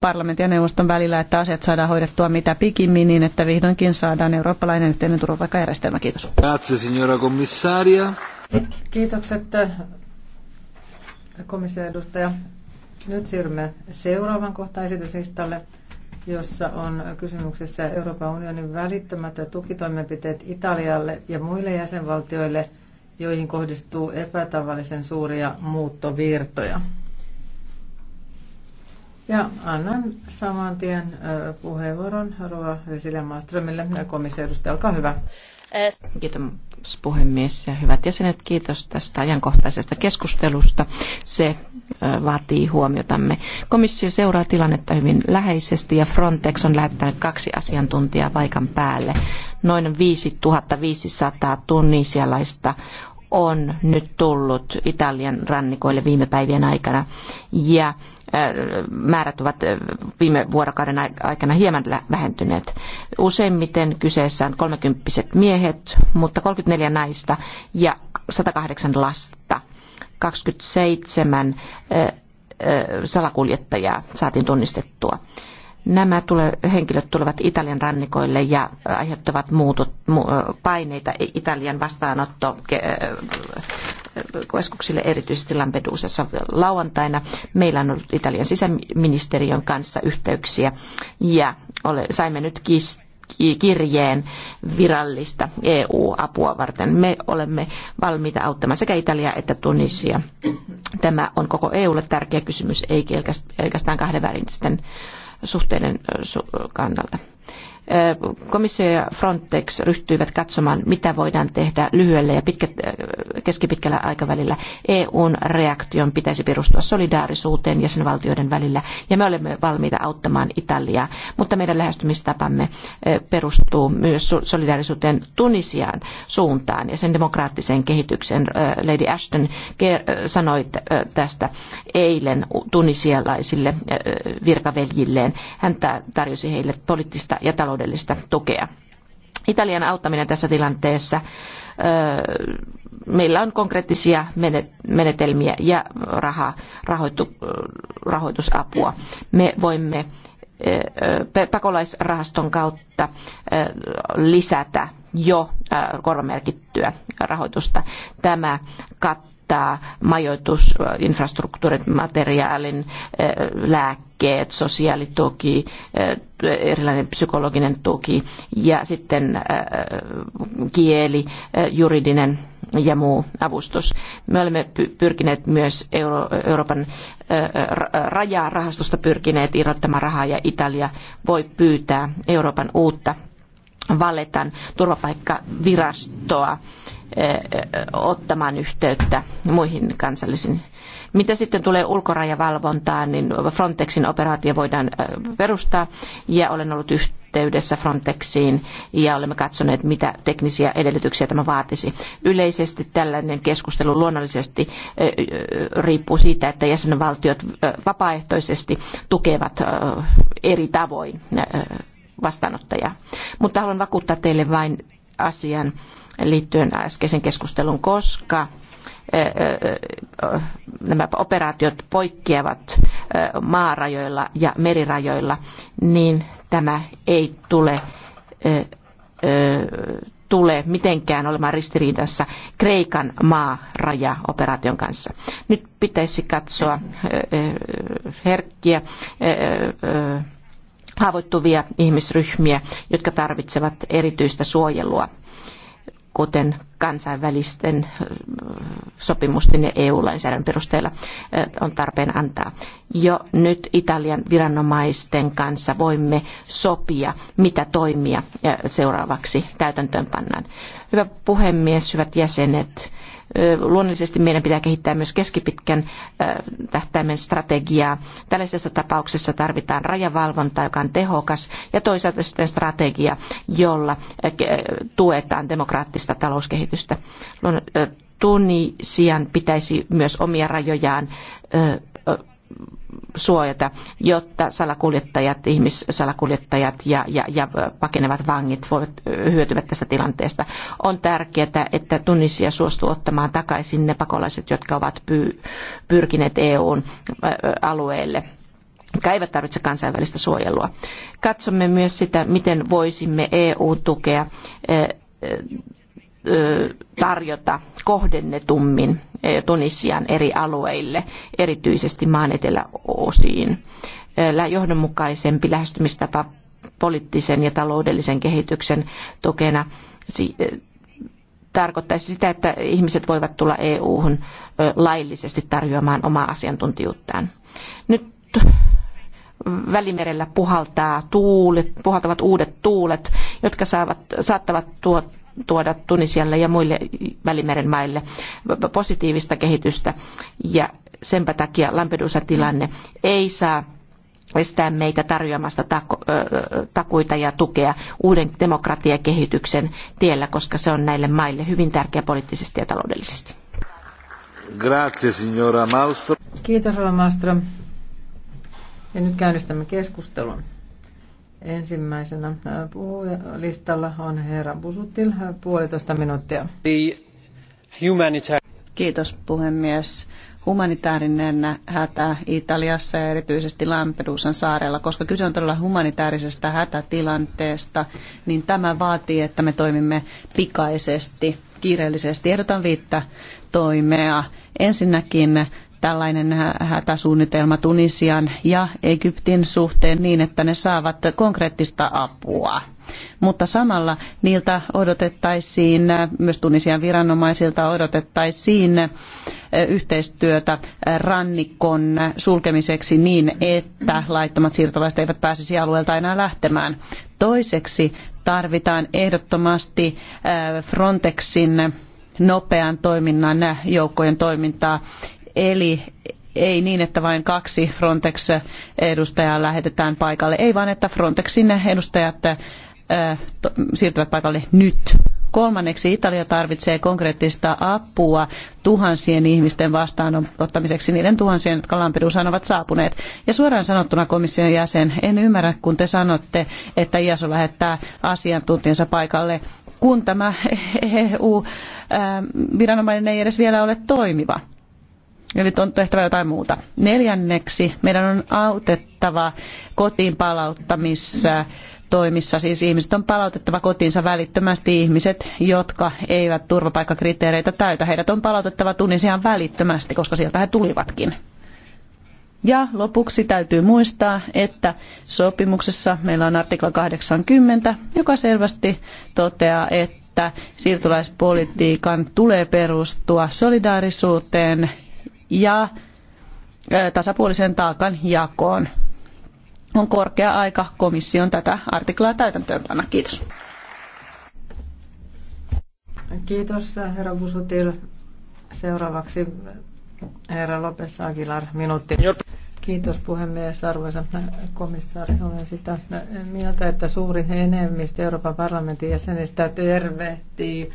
parlamentin ja neuvoston välillä, että asiat saadaan hoidettua mitä pikimmin niin, että vihdoinkin saadaan eurooppalainen yhteinen turvapaikkajärjestelmä. Kiitos. Grazie, signora commissaria. Kiitokset äh, komission edustaja. Nyt siirrymme seuraavan kohtaan esityslistalle, jossa on kysymyksessä Euroopan unionin välittömät tukitoimenpiteet Italialle ja muille jäsenvaltioille, joihin kohdistuu epätavallisen suuria muuttovirtoja. Ja annan saman tien puheenvuoron Rova Vesilä Maaströmille, komissiodusta. Olkaa hyvä. Kiitos puhemies ja hyvät jäsenet, kiitos tästä ajankohtaisesta keskustelusta. Se vaatii huomiotamme. Komissio seuraa tilannetta hyvin läheisesti ja Frontex on lähettänyt kaksi asiantuntijaa paikan päälle. Noin 5500 tunnisialaista on nyt tullut Italian rannikoille viime päivien aikana ja Äh, määrät ovat äh, viime vuorokauden aikana hieman vähentyneet. Useimmiten kyseessä on kolmekymppiset miehet, mutta 34 naista ja 108 lasta. 27 äh, salakuljettajaa saatiin tunnistettua. Nämä tule, henkilöt tulevat Italian rannikoille ja aiheuttavat muutut, mu, paineita Italian vastaanotto keskuksille, erityisesti Lampedusassa lauantaina. Meillä on ollut Italian sisäministeriön kanssa yhteyksiä ja saimme nyt kiistaa kirjeen virallista EU-apua varten. Me olemme valmiita auttamaan sekä Italiaa että Tunisia. Tämä on koko EUlle tärkeä kysymys, ei pelkästään kahdenvälisten suhteiden kannalta komissio ja Frontex ryhtyivät katsomaan, mitä voidaan tehdä lyhyellä ja pitkä keskipitkällä aikavälillä. EUn reaktion pitäisi perustua solidaarisuuteen jäsenvaltioiden välillä ja me olemme valmiita auttamaan Italiaa, mutta meidän lähestymistapamme perustuu myös solidaarisuuteen Tunisian suuntaan ja sen demokraattiseen kehitykseen. Lady Ashton sanoi tästä eilen tunisialaisille virkaveljilleen. Hän tarjosi heille poliittista ja taloudellista taloudellista tukea. Italian auttaminen tässä tilanteessa. Meillä on konkreettisia menetelmiä ja raha, rahoitu, rahoitusapua. Me voimme pakolaisrahaston kautta lisätä jo korvamerkittyä rahoitusta. Tämä kattaa kattaa majoitusinfrastruktuurit, materiaalin, eh, lääkkeet, sosiaalituki, eh, erilainen psykologinen tuki ja sitten eh, kieli, juridinen ja muu avustus. Me olemme pyrkineet myös Euro- Euroopan rajarahastosta pyrkineet irrottamaan rahaa ja Italia voi pyytää Euroopan uutta Valetan turvapaikkavirastoa Eh, ottamaan yhteyttä muihin kansallisiin. Mitä sitten tulee ulkorajavalvontaan, niin Frontexin operaatio voidaan eh, perustaa ja olen ollut yhteydessä Frontexiin ja olemme katsoneet, mitä teknisiä edellytyksiä tämä vaatisi. Yleisesti tällainen keskustelu luonnollisesti eh, riippuu siitä, että jäsenvaltiot vapaaehtoisesti tukevat eri tavoin vastaanottajaa. Mutta haluan vakuuttaa teille vain asian, liittyen äskeisen keskustelun, koska eh, eh, eh, nämä operaatiot poikkeavat maarajoilla ja merirajoilla, niin tämä ei tule, tule mitenkään olemaan ristiriidassa Kreikan maarajaoperaation kanssa. Nyt pitäisi katsoa herkkiä haavoittuvia ihmisryhmiä, jotka tarvitsevat erityistä suojelua kuten kansainvälisten sopimusten ja EU-lainsäädännön perusteella on tarpeen antaa. Jo nyt Italian viranomaisten kanssa voimme sopia, mitä toimia seuraavaksi täytäntöön pannaan. Hyvä puhemies, hyvät jäsenet, Luonnollisesti meidän pitää kehittää myös keskipitkän tähtäimen strategiaa. Tällaisessa tapauksessa tarvitaan rajavalvonta, joka on tehokas, ja toisaalta sitten strategia, jolla tuetaan demokraattista talouskehitystä. Tunisian pitäisi myös omia rajojaan suojata, jotta salakuljettajat, ihmissalakuljettajat ja, ja, ja pakenevat vangit voivat hyötyvät tästä tilanteesta. On tärkeää, että Tunisia suostuu ottamaan takaisin ne pakolaiset, jotka ovat pyrkineet EUn alueelle jotka eivät tarvitse kansainvälistä suojelua. Katsomme myös sitä, miten voisimme EU tukea tarjota kohdennetummin Tunisian eri alueille, erityisesti maan eteläosiin. Johdonmukaisempi lähestymistapa poliittisen ja taloudellisen kehityksen tukena tarkoittaisi sitä, että ihmiset voivat tulla EU-hun laillisesti tarjoamaan omaa asiantuntijuuttaan. Nyt Välimerellä puhaltaa tuulet, puhaltavat uudet tuulet, jotka saavat, saattavat tuottaa tuoda Tunisialle ja muille Välimeren maille positiivista kehitystä. Ja senpä takia Lampedusan tilanne ei saa estää meitä tarjoamasta takuita ja tukea uuden demokratiakehityksen tiellä, koska se on näille maille hyvin tärkeä poliittisesti ja taloudellisesti. Grazie, signora Malmström. Kiitos, Rova Malmström. Ja nyt käynnistämme keskustelun. Ensimmäisenä puhujalistalla on herra Busutil, puolitoista minuuttia. Kiitos puhemies. Humanitaarinen hätä Italiassa ja erityisesti Lampedusan saarella, koska kyse on todella humanitaarisesta hätätilanteesta, niin tämä vaatii, että me toimimme pikaisesti, kiireellisesti. Ehdotan viittä toimea. Ensinnäkin tällainen hätäsuunnitelma Tunisian ja Egyptin suhteen niin, että ne saavat konkreettista apua. Mutta samalla niiltä odotettaisiin, myös Tunisian viranomaisilta odotettaisiin eh, yhteistyötä rannikon sulkemiseksi niin, että laittomat siirtolaiset eivät pääsisi alueelta enää lähtemään. Toiseksi tarvitaan ehdottomasti eh, Frontexin nopean toiminnan eh, joukkojen toimintaa Eli ei niin, että vain kaksi Frontex-edustajaa lähetetään paikalle, ei vaan, että Frontexin edustajat siirtyvät paikalle nyt. Kolmanneksi Italia tarvitsee konkreettista apua tuhansien ihmisten vastaanottamiseksi, niiden tuhansien, jotka Lampedusaan ovat saapuneet. Ja suoraan sanottuna komission jäsen, en ymmärrä, kun te sanotte, että IASO lähettää asiantuntijansa paikalle, kun tämä EU-viranomainen ei edes vielä ole toimiva Eli on tehtävä jotain muuta. Neljänneksi meidän on autettava kotiin palauttamissa toimissa. Siis ihmiset on palautettava kotiinsa välittömästi ihmiset, jotka eivät turvapaikkakriteereitä täytä. Heidät on palautettava Tunisiaan välittömästi, koska sieltä he tulivatkin. Ja lopuksi täytyy muistaa, että sopimuksessa meillä on artikla 80, joka selvästi toteaa, että siirtolaispolitiikan tulee perustua solidaarisuuteen ja tasapuolisen taakan jakoon. On korkea aika komission tätä artiklaa täytäntöönpanna. Kiitos. Kiitos, herra Busutil. Seuraavaksi herra Lopes Aguilar, minuutti. Kiitos puhemies, arvoisa komissaari. Olen sitä mieltä, että suuri enemmistö Euroopan parlamentin jäsenistä tervehtii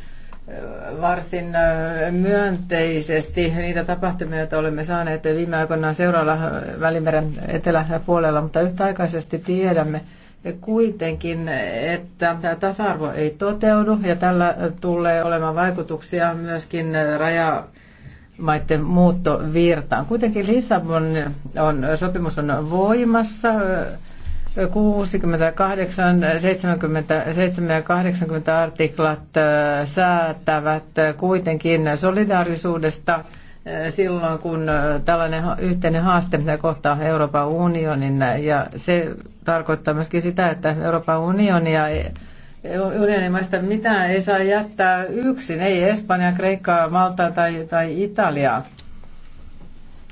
varsin äh, myönteisesti niitä tapahtumia, joita olemme saaneet viime aikoina seuraavalla Välimeren eteläpuolella, mutta yhtäaikaisesti tiedämme kuitenkin, että tämä tasa-arvo ei toteudu ja tällä tulee olemaan vaikutuksia myöskin raja maiden muuttovirtaan. Kuitenkin Lissabon on, sopimus on voimassa 68, 77 ja 80 artiklat äh, säätävät kuitenkin solidaarisuudesta äh, silloin, kun äh, tällainen yhteinen haaste kohtaa Euroopan unionin. Ja se tarkoittaa myöskin sitä, että Euroopan unionia unionimaista mitään ei saa jättää yksin, ei Espanja, Kreikkaa, Malta tai, tai Italiaa.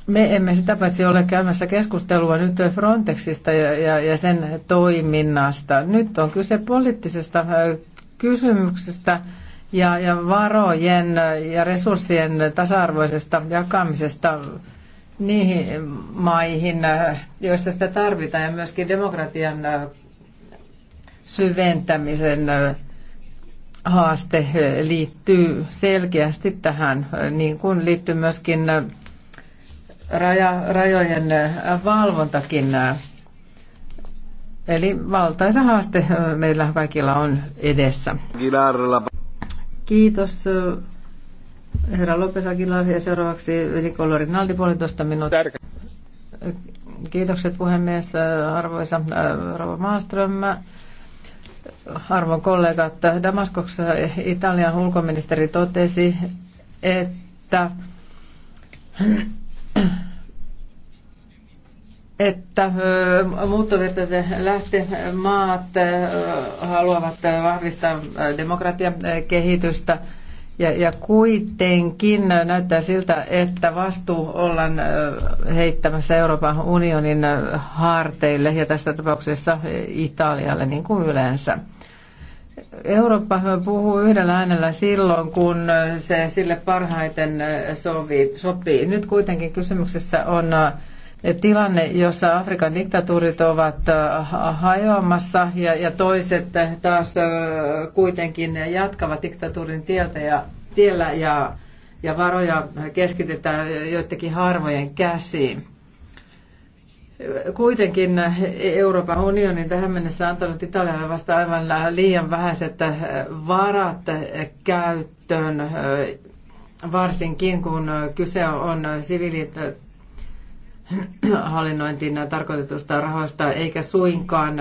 Me emme sitä paitsi ole käymässä keskustelua nyt Frontexista ja, ja, ja sen toiminnasta. Nyt on kyse poliittisesta kysymyksestä ja, ja varojen ja resurssien tasa-arvoisesta jakamisesta niihin maihin, joissa sitä tarvitaan, ja myöskin demokratian syventämisen haaste liittyy selkeästi tähän, niin kuin liittyy myöskin raja, rajojen äh, valvontakin. Äh, eli valtaisa haaste äh, meillä kaikilla on edessä. Kiitos herra Lopes Aguilar ja seuraavaksi Rikolori Naldi puolitoista minuuttia. Kiitokset puhemies, arvoisa Rova Maaström. Arvon kollegat, Damaskossa Italian ulkoministeri totesi, että että muuttovirtaiset lähtemaat haluavat vahvistaa kehitystä. ja, ja kuitenkin näyttää siltä, että vastuu ollaan heittämässä Euroopan unionin harteille ja tässä tapauksessa Italialle niin kuin yleensä. Eurooppa puhuu yhdellä äänellä silloin, kun se sille parhaiten sovi, sopii. Nyt kuitenkin kysymyksessä on eh, tilanne, jossa Afrikan diktatuurit ovat eh, hajoamassa ja, ja toiset taas eh, kuitenkin jatkavat diktatuurin tieltä ja, tiellä ja, ja varoja keskitetään joidenkin harvojen käsiin. Kuitenkin Euroopan unioni tähän mennessä antanut Italialle vasta aivan liian vähäiset varat käyttöön, varsinkin kun kyse on siviilit hallinnointiin tarkoitetusta rahoista, eikä suinkaan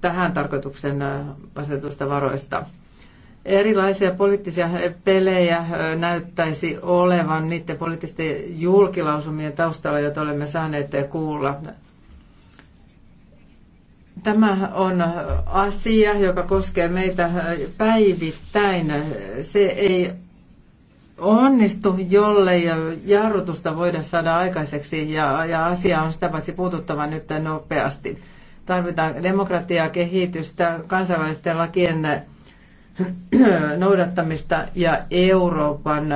tähän tarkoituksen asetusta varoista. Erilaisia poliittisia pelejä näyttäisi olevan niiden poliittisten julkilausumien taustalla, joita olemme saaneet kuulla. Tämä on asia, joka koskee meitä päivittäin. Se ei onnistu, jolle jarrutusta voida saada aikaiseksi ja, ja asia on sitä paitsi puututtava nyt nopeasti. Tarvitaan demokratiaa, kehitystä, kansainvälisten lakien noudattamista ja Euroopan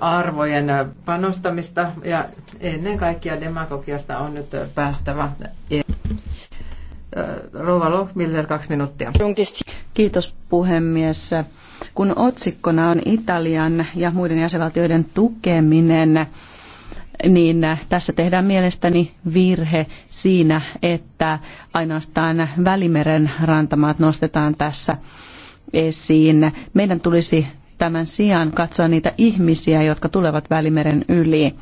arvojen panostamista ja ennen kaikkea demagogiasta on nyt päästävä. E- rouva Lohmiller, kaksi minuuttia. Kiitos puhemies. Kun otsikkona on Italian ja muiden jäsenvaltioiden tukeminen, niin tässä tehdään mielestäni virhe siinä, että ainoastaan Välimeren rantamaat nostetaan tässä esiin. Meidän tulisi tämän sijaan katsoa niitä ihmisiä, jotka tulevat Välimeren yli.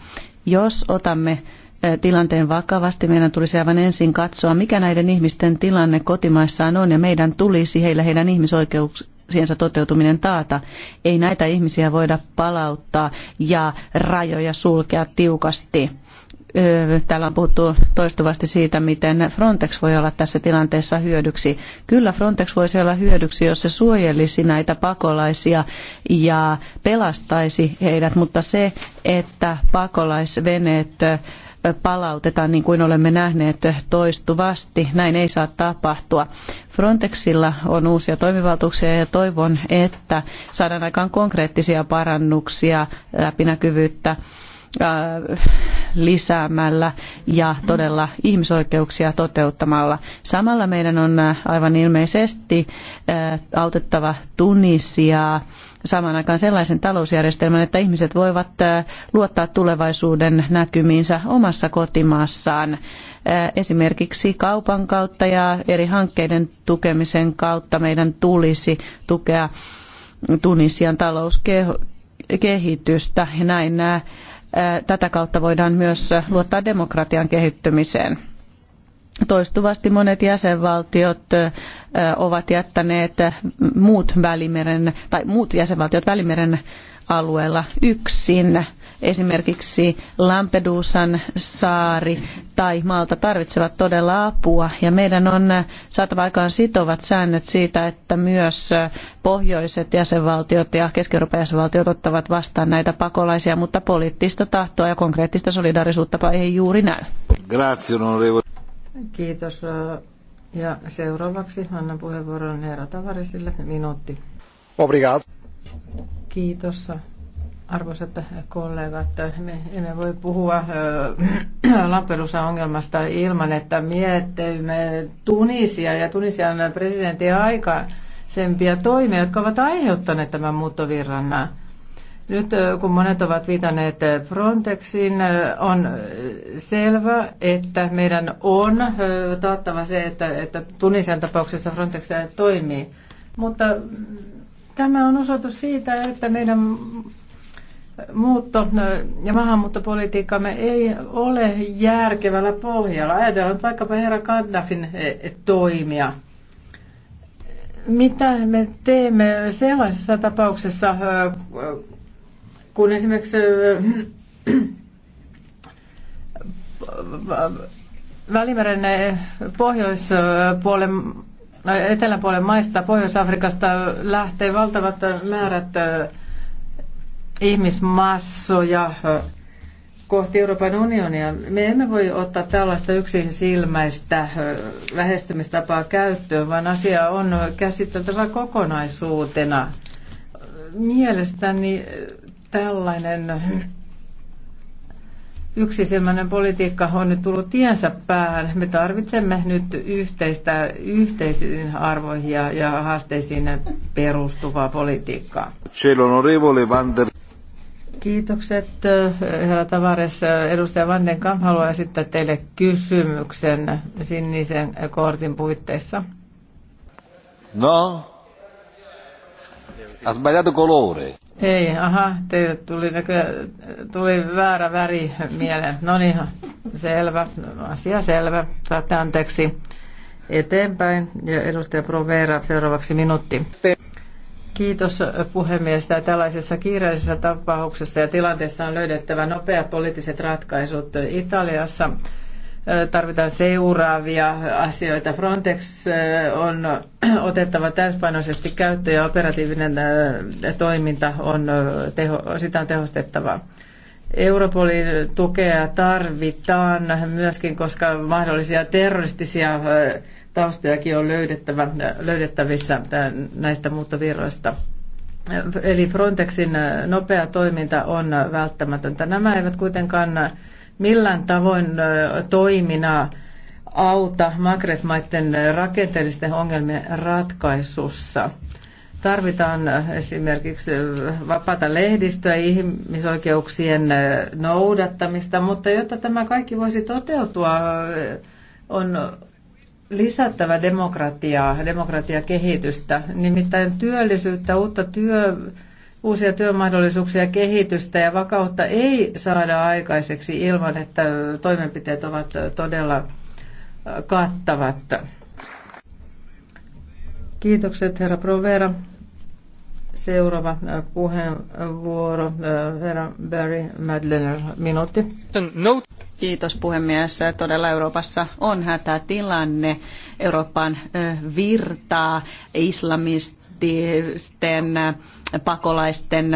Jos otamme eh, tilanteen vakavasti, meidän tulisi aivan ensin katsoa, mikä näiden ihmisten tilanne kotimaissaan on, ja meidän tulisi heillä heidän ihmisoikeuksiensa toteutuminen taata. Ei näitä ihmisiä voida palauttaa ja rajoja sulkea tiukasti Täällä on puhuttu toistuvasti siitä, miten Frontex voi olla tässä tilanteessa hyödyksi. Kyllä Frontex voisi olla hyödyksi, jos se suojelisi näitä pakolaisia ja pelastaisi heidät, mutta se, että pakolaisveneet palautetaan, niin kuin olemme nähneet toistuvasti. Näin ei saa tapahtua. Frontexilla on uusia toimivaltuuksia ja toivon, että saadaan aikaan konkreettisia parannuksia, läpinäkyvyyttä lisäämällä ja todella ihmisoikeuksia toteuttamalla. Samalla meidän on aivan ilmeisesti autettava Tunisiaa samaan aikaan sellaisen talousjärjestelmän, että ihmiset voivat luottaa tulevaisuuden näkymiinsä omassa kotimaassaan esimerkiksi kaupan kautta ja eri hankkeiden tukemisen kautta meidän tulisi tukea Tunisian talouskehitystä. Näin nämä Tätä kautta voidaan myös luottaa demokratian kehittymiseen. Toistuvasti monet jäsenvaltiot ovat jättäneet muut, välimeren, tai muut jäsenvaltiot välimeren alueella yksin esimerkiksi Lampedusan saari tai Malta tarvitsevat todella apua. Ja meidän on saatava aikaan sitovat säännöt siitä, että myös pohjoiset jäsenvaltiot ja Keski-Euroopan jäsenvaltiot ottavat vastaan näitä pakolaisia, mutta poliittista tahtoa ja konkreettista solidaarisuutta ei juuri näy. Kiitos. Ja seuraavaksi annan puheenvuoron Eera Tavarisille. Minuutti. Obrigado. Kiitos. Arvoisat kollegat, me emme voi puhua Lampedusan ongelmasta ilman, että miettimme Tunisia ja Tunisian presidentin aikaisempia toimia, jotka ovat aiheuttaneet tämän muuttovirran. Nyt kun monet ovat viitanneet Frontexin, on selvä, että meidän on taattava se, että, että Tunisian tapauksessa Frontex toimii. Mutta tämä on osoitus siitä, että meidän muutto- ja maahanmuuttopolitiikkamme ei ole järkevällä pohjalla. Ajatellaan vaikkapa herra Gaddafin toimia. Mitä me teemme sellaisessa tapauksessa, kun esimerkiksi Välimeren pohjoispuolen eteläpuolen maista, Pohjois-Afrikasta lähtee valtavat määrät ihmismassoja äh, kohti Euroopan unionia. Me emme voi ottaa tällaista yksin silmäistä äh, lähestymistapaa käyttöön, vaan asia on käsiteltävä kokonaisuutena. Mielestäni äh, tällainen yksisilmäinen politiikka on nyt tullut tiensä päähän. Me tarvitsemme nyt yhteistä, yhteisiin arvoihin ja, ja haasteisiin perustuvaa politiikkaa. Siellä on Kiitokset. Herra Tavares, edustaja Kamp haluaa esittää teille kysymyksen sinisen kortin puitteissa. No, ha colore. Ei, aha, teille tuli, näkö, tuli väärä väri mieleen. No niin, selvä, asia selvä. Saatte anteeksi eteenpäin. Ja edustaja Provera, seuraavaksi minuutti. Kiitos äh, puhemies. Tällaisessa kiireellisessä tapauksessa ja tilanteessa on löydettävä nopeat poliittiset ratkaisut. Italiassa äh, tarvitaan seuraavia asioita. Frontex äh, on otettava täyspainoisesti käyttöön ja operatiivinen toiminta on, sitä on tehostettava. Europolin tukea tarvitaan myöskin, koska mahdollisia terroristisia taustojakin on löydettävä, löydettävissä näistä muuttovirroista. Eli Frontexin nopea toiminta on välttämätöntä. Nämä eivät kuitenkaan millään tavoin toimina auta Magret-maiden rakenteellisten ongelmien ratkaisussa. Tarvitaan esimerkiksi vapaata lehdistöä, ihmisoikeuksien noudattamista, mutta jotta tämä kaikki voisi toteutua, on lisättävä demokratiaa, demokratiakehitystä, nimittäin työllisyyttä, uutta työ, uusia työmahdollisuuksia, kehitystä ja vakautta ei saada aikaiseksi ilman, että toimenpiteet ovat todella kattavat. Kiitokset, herra Provera. Seuraava äh, puheenvuoro, äh, herra Barry Madlener, minuutti. Kiitos puhemies. Todella Euroopassa on hätätilanne. Euroopan äh, virtaa islamististen pakolaisten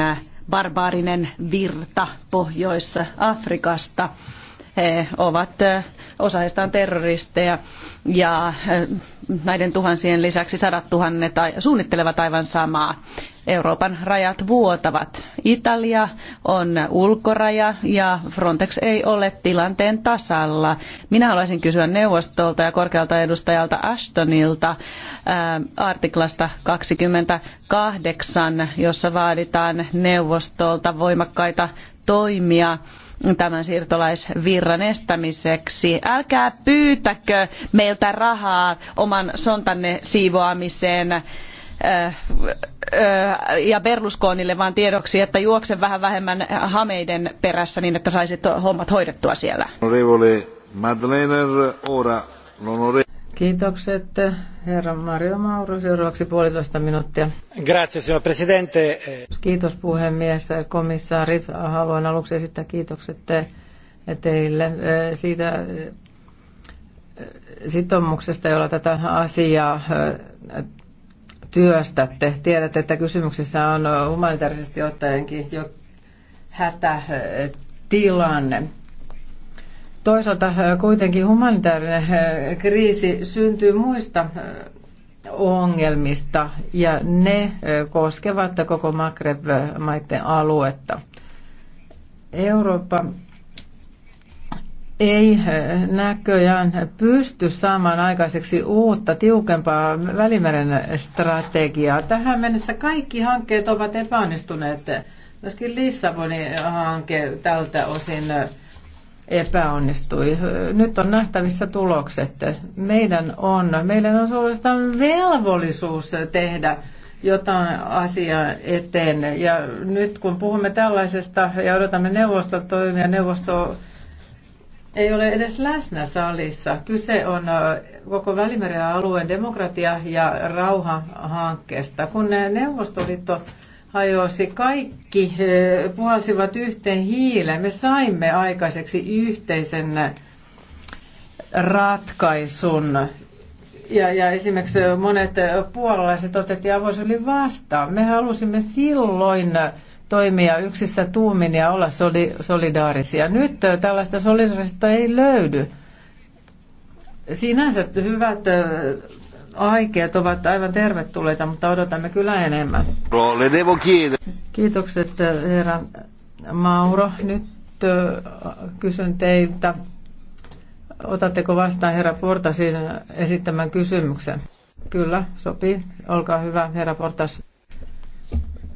barbaarinen virta Pohjois-Afrikasta. He ovat osaistaan terroristeja ja näiden tuhansien lisäksi sadat tuhannet suunnittelevat aivan samaa. Euroopan rajat vuotavat. Italia on ulkoraja ja Frontex ei ole tilanteen tasalla. Minä haluaisin kysyä neuvostolta ja korkealta edustajalta Ashtonilta artiklasta 28, jossa vaaditaan neuvostolta voimakkaita toimia tämän siirtolaisvirran estämiseksi. Älkää pyytäkö meiltä rahaa oman sontanne siivoamiseen äh, äh, ja Berlusconille vaan tiedoksi, että juoksen vähän vähemmän hameiden perässä niin, että saisit hommat hoidettua siellä. Madlener, ora, Kiitokset, herra Mario Mauro. Seuraavaksi puolitoista minuuttia. Grazie, signor presidente. Kiitos puhemies. Komissaari, haluan aluksi esittää kiitokset eh, teille eh, siitä eh, sitoumuksesta, jolla tätä asiaa työstätte. Tiedätte, että kysymyksessä on humanitaarisesti ottaenkin jo hätätilanne. Toisaalta äh, kuitenkin humanitaarinen äh, kriisi syntyy muista äh, ongelmista ja ne koskevat koko Maghreb-maiden aluetta. Eurooppa ei näköjään pysty saamaan aikaiseksi uutta, tiukempaa välimeren strategiaa. Tähän mennessä kaikki hankkeet ovat epäonnistuneet. Myöskin Lissabonin hanke tältä osin epäonnistui. Nyt on nähtävissä tulokset. Meidän on, meidän on suorastaan velvollisuus tehdä jotain asiaa eteen. Ja nyt kun puhumme tällaisesta ja odotamme neuvostotoimia, neuvosto ei ole edes läsnä salissa. Kyse on äh, koko Välimeren alueen demokratia- ja rauhahankkeesta. Kun Neuvostoliitto hajosi, kaikki puhalsivat yhteen hiileen. Me saimme aikaiseksi yhteisen ratkaisun. Ja, ja esimerkiksi monet puolalaiset otettiin avosylin vastaan. Me halusimme silloin toimia yksissä tuumin ja olla soli, solidaarisia. Nyt tällaista solidaarisuutta ei löydy. Sinänsä hyvät aikeet ovat aivan tervetulleita, mutta odotamme kyllä enemmän. No, Kiitokset eh, herra Mauro. Nyt eh, kysyn teiltä, otatteko vastaan herra Portasin esittämän kysymyksen? Kyllä, sopii. Olkaa hyvä, herra Portas.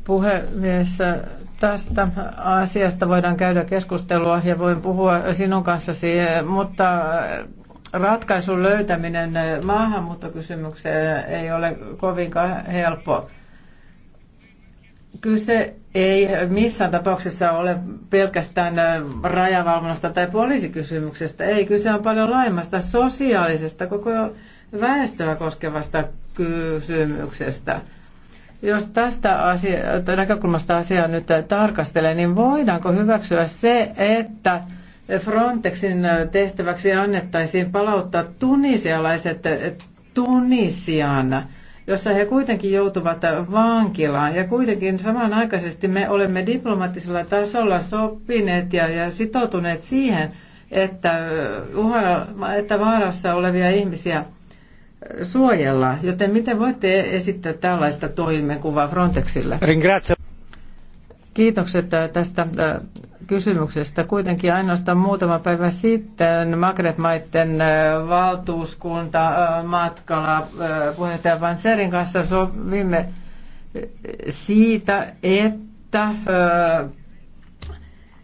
Puhemies, eh, tästä asiasta voidaan käydä keskustelua ja voin puhua sinun kanssasi, mutta ratkaisun löytäminen maahanmuuttokysymykseen ei ole kovinkaan helppo. Kyse ei missään tapauksessa ole pelkästään rajavalvonnasta tai poliisikysymyksestä. Ei, kyse on paljon laajemmasta sosiaalisesta, koko väestöä koskevasta kysymyksestä. Jos tästä asia, näkökulmasta asiaa nyt tarkastelee, niin voidaanko hyväksyä se, että – Frontexin tehtäväksi annettaisiin palauttaa tunisialaiset Tunisian, jossa he kuitenkin joutuvat vankilaan. Ja kuitenkin samanaikaisesti me olemme diplomaattisella tasolla sopineet ja, ja sitoutuneet siihen, että, uhara että vaarassa olevia ihmisiä suojella. Joten miten voitte esittää tällaista toimenkuvaa Frontexille? Ringrazio. Kiitokset tästä kysymyksestä. Kuitenkin ainoastaan muutama päivä sitten Magret-maiden valtuuskunta matkalla puheenjohtaja Van Serin kanssa sovimme siitä, että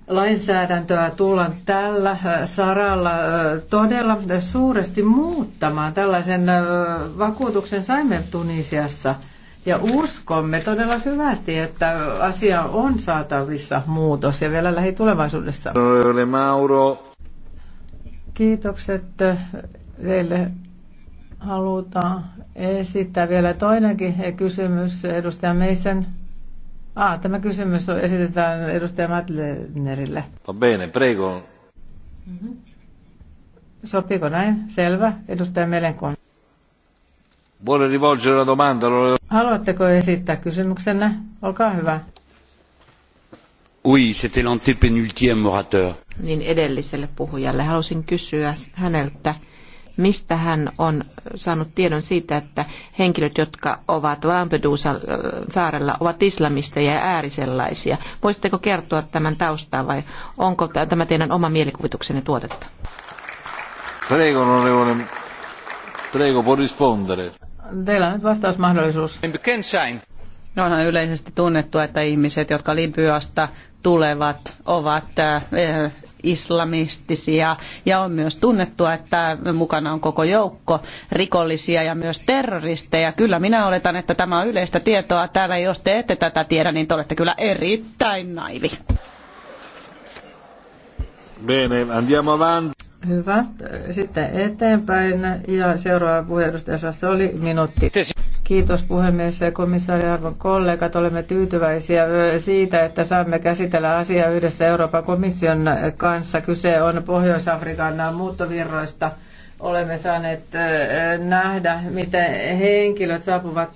lainsäädäntöä tullaan tällä saralla todella suuresti muuttamaan. Tällaisen vakuutuksen saimme Tunisiassa – ja uskomme todella syvästi, että asia on saatavissa muutos ja vielä lähitulevaisuudessa. Mauro. Kiitokset teille. Halutaan esittää vielä toinenkin kysymys edustaja Meisen. Ah, tämä kysymys esitetään edustaja Mätlenerille. Va bene, prego. Mm-hmm. Sopiiko näin? Selvä. Edustaja Melenkon. Vuole rivolgere la domanda? Haluatteko esittää kysymyksenne? Olkaa hyvä. Oui, c'était l'antépénultième orateur. Niin edelliselle puhujalle halusin kysyä häneltä, mistä hän on saanut tiedon siitä, että henkilöt, jotka ovat Lampedusan saarella, ovat islamisteja ja äärisellaisia. Voisitteko kertoa tämän taustaa vai onko tämä teidän oma mielikuvituksenne tuotetta? Prego, onorevole. Prego, può rispondere. Teillä on nyt vastausmahdollisuus. No on yleisesti tunnettu, että ihmiset, jotka Libyasta tulevat, ovat äh, islamistisia ja on myös tunnettu, että mukana on koko joukko rikollisia ja myös terroristeja. Kyllä minä oletan, että tämä on yleistä tietoa täällä. Jos te ette tätä tiedä, niin te olette kyllä erittäin naivi. Bene, andiamo avanti. Hyvä. Sitten eteenpäin ja seuraava puheenjohtajassa oli minuutti. Kiitos puhemies ja komissaari arvon kollegat. Olemme tyytyväisiä siitä, että saamme käsitellä asiaa yhdessä Euroopan komission kanssa. Kyse on Pohjois-Afrikan muuttovirroista. Olemme saaneet nähdä, miten henkilöt saapuvat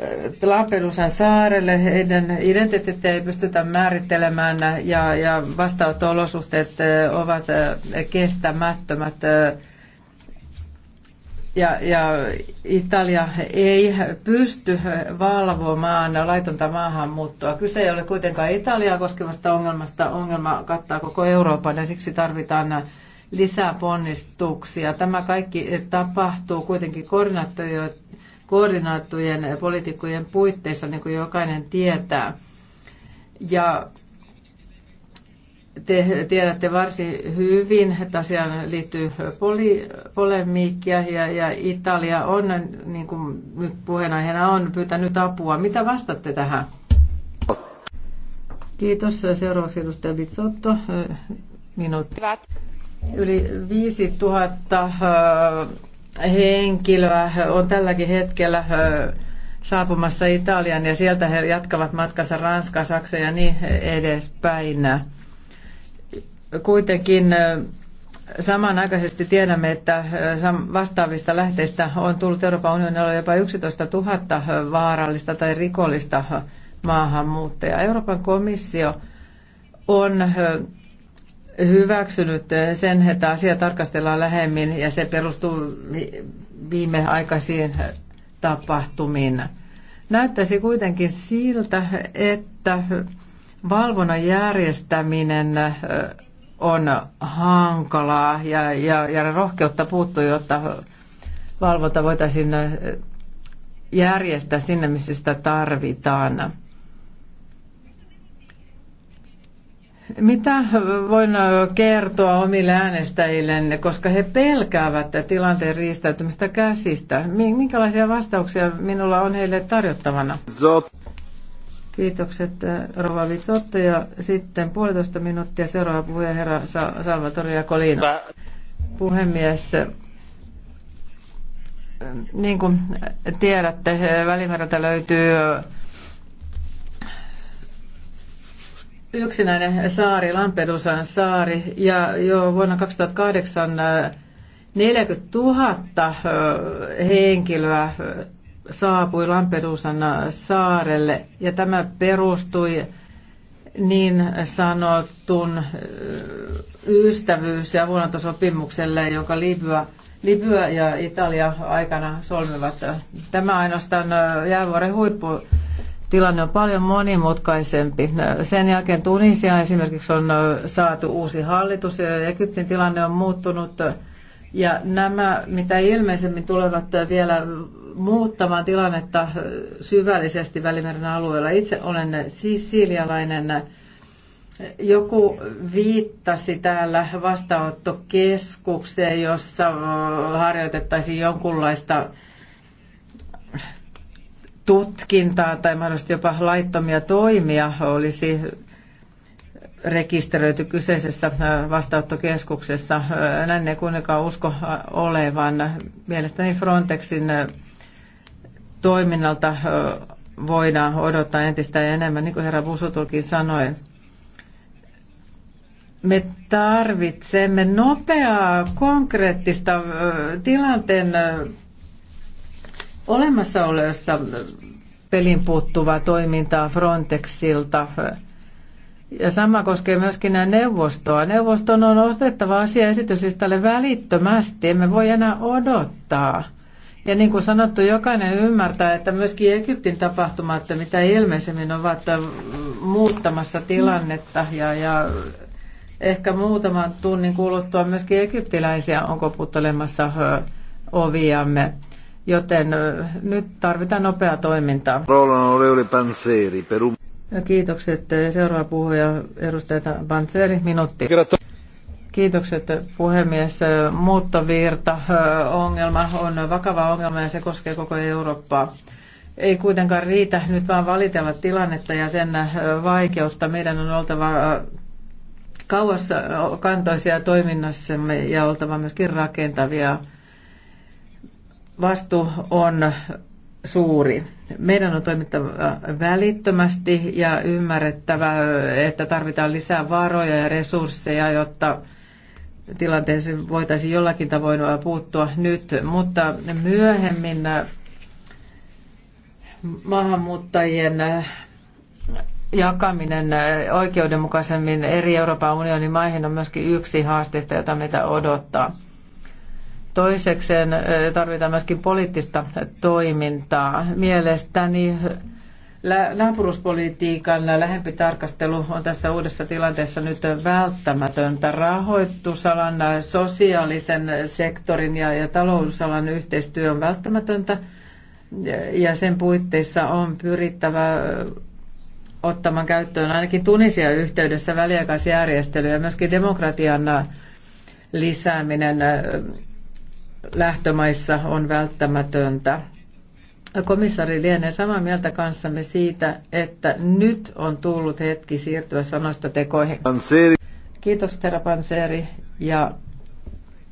Äh, Lampedusan saarelle, heidän identiteettiä ei pystytä määrittelemään ja, ja vastaanotto-olosuhteet äh, ovat äh, kestämättömät. Ja, ja Italia ei pysty valvomaan laitonta maahanmuuttoa. Kyse ei ole kuitenkaan Italiaa koskevasta ongelmasta. Ongelma kattaa koko Euroopan ja siksi tarvitaan lisää ponnistuksia. Tämä kaikki tapahtuu kuitenkin koordinaatioiden koordinaattujen poliitikkojen puitteissa, niin kuin jokainen tietää. Ja te tiedätte varsin hyvin, että asiaan liittyy poli, polemiikkia ja, ja Italia on, niin kuin nyt puheenaiheena on, pyytänyt apua. Mitä vastatte tähän? Kiitos. Seuraavaksi edustaja Bitsotto. Minuutti. Yli 5000 henkilöä on tälläkin hetkellä saapumassa Italian ja sieltä he jatkavat matkansa Ranska, Saksa ja niin edespäin. Kuitenkin samanaikaisesti tiedämme, että vastaavista lähteistä on tullut Euroopan unionilla jopa 11 000 vaarallista tai rikollista maahanmuuttajaa. Euroopan komissio on hyväksynyt sen, että asia tarkastellaan lähemmin ja se perustuu viimeaikaisiin tapahtumiin. Näyttäisi kuitenkin siltä, että valvonnan järjestäminen on hankalaa ja, ja, ja rohkeutta puuttuu, jotta valvonta voitaisiin järjestää sinne, missä sitä tarvitaan. Mitä voin kertoa omille äänestäjille, koska he pelkäävät tilanteen riistäytymistä käsistä? Minkälaisia vastauksia minulla on heille tarjottavana? Zot, Kiitokset eh, Rova Vitsotto ja sitten puolitoista minuuttia seuraava puhuja herra Salvatore Jakolino. Puhemies, eh, niin kuin tiedätte, Välimereltä löytyy yksinäinen saari, Lampedusan saari, ja jo vuonna 2008 40 000 henkilöä äh, saapui Lampedusan äh, saarelle, ja tämä perustui niin sanotun äh, ystävyys- ja avunantosopimukselle, joka Libya, Libya ja Italia aikana solmivat. Tämä ainoastaan jäävuoren huippu tilanne on paljon monimutkaisempi. Sen jälkeen Tunisia esimerkiksi on saatu uusi hallitus ja Egyptin tilanne on muuttunut. Ja nämä, mitä ilmeisemmin tulevat vielä muuttamaan tilannetta syvällisesti Välimeren alueella. Itse olen sisilialainen. Joku viittasi täällä vastaanottokeskukseen, jossa harjoitettaisiin jonkunlaista tutkintaa tai mahdollisesti jopa laittomia toimia olisi rekisteröity kyseisessä äh, vastaanottokeskuksessa. Äh, näin ei kuitenkaan usko äh, olevan. Mielestäni Frontexin toiminnalta voidaan odottaa entistä enemmän, niin kuin herra Busutulkin sanoi. Me tarvitsemme nopeaa, konkreettista tilanteen Olemassa olevassa pelin puuttuvaa toimintaa Frontexilta. Ja sama koskee myöskin neuvostoa. Neuvoston on ostettava asia esityslistalle välittömästi. Emme voi enää odottaa. Ja niin kuin sanottu, jokainen ymmärtää, että myöskin Egyptin tapahtumat, mitä ilmeisemmin ovat muuttamassa tilannetta ja, ja ehkä muutaman tunnin kuluttua myöskin egyptiläisiä on koputtelemassa oviamme joten nyt tarvitaan nopeaa toimintaa. Kiitokset. Seuraava puhuja, edustaja Panzeri, minuutti. Kiitokset puhemies. Muuttovirta ongelma on vakava ongelma ja se koskee koko Eurooppaa. Ei kuitenkaan riitä nyt vaan valitella tilannetta ja sen vaikeutta. Meidän on oltava kauas kantoisia toiminnassamme ja oltava myöskin rakentavia vastuu on suuri. Meidän on toimittava välittömästi ja ymmärrettävä, että tarvitaan lisää varoja ja resursseja, jotta tilanteeseen voitaisiin jollakin tavoin puuttua nyt, mutta myöhemmin maahanmuuttajien jakaminen oikeudenmukaisemmin eri Euroopan unionin maihin on myöskin yksi haasteista, jota meitä odottaa. Toisekseen tarvitaan myöskin poliittista toimintaa. Mielestäni naapuruspolitiikan lähempi tarkastelu on tässä uudessa tilanteessa nyt välttämätöntä. Rahoitusalan, sosiaalisen sektorin ja, ja talousalan yhteistyö on välttämätöntä ja sen puitteissa on pyrittävä ottamaan käyttöön ainakin Tunisia yhteydessä väliaikaisjärjestelyjä ja myöskin demokratian lisääminen lähtömaissa on välttämätöntä. Komissari lienee samaa mieltä kanssamme siitä, että nyt on tullut hetki siirtyä sanoista tekoihin. Panseri. Kiitos, herra Panseri. Ja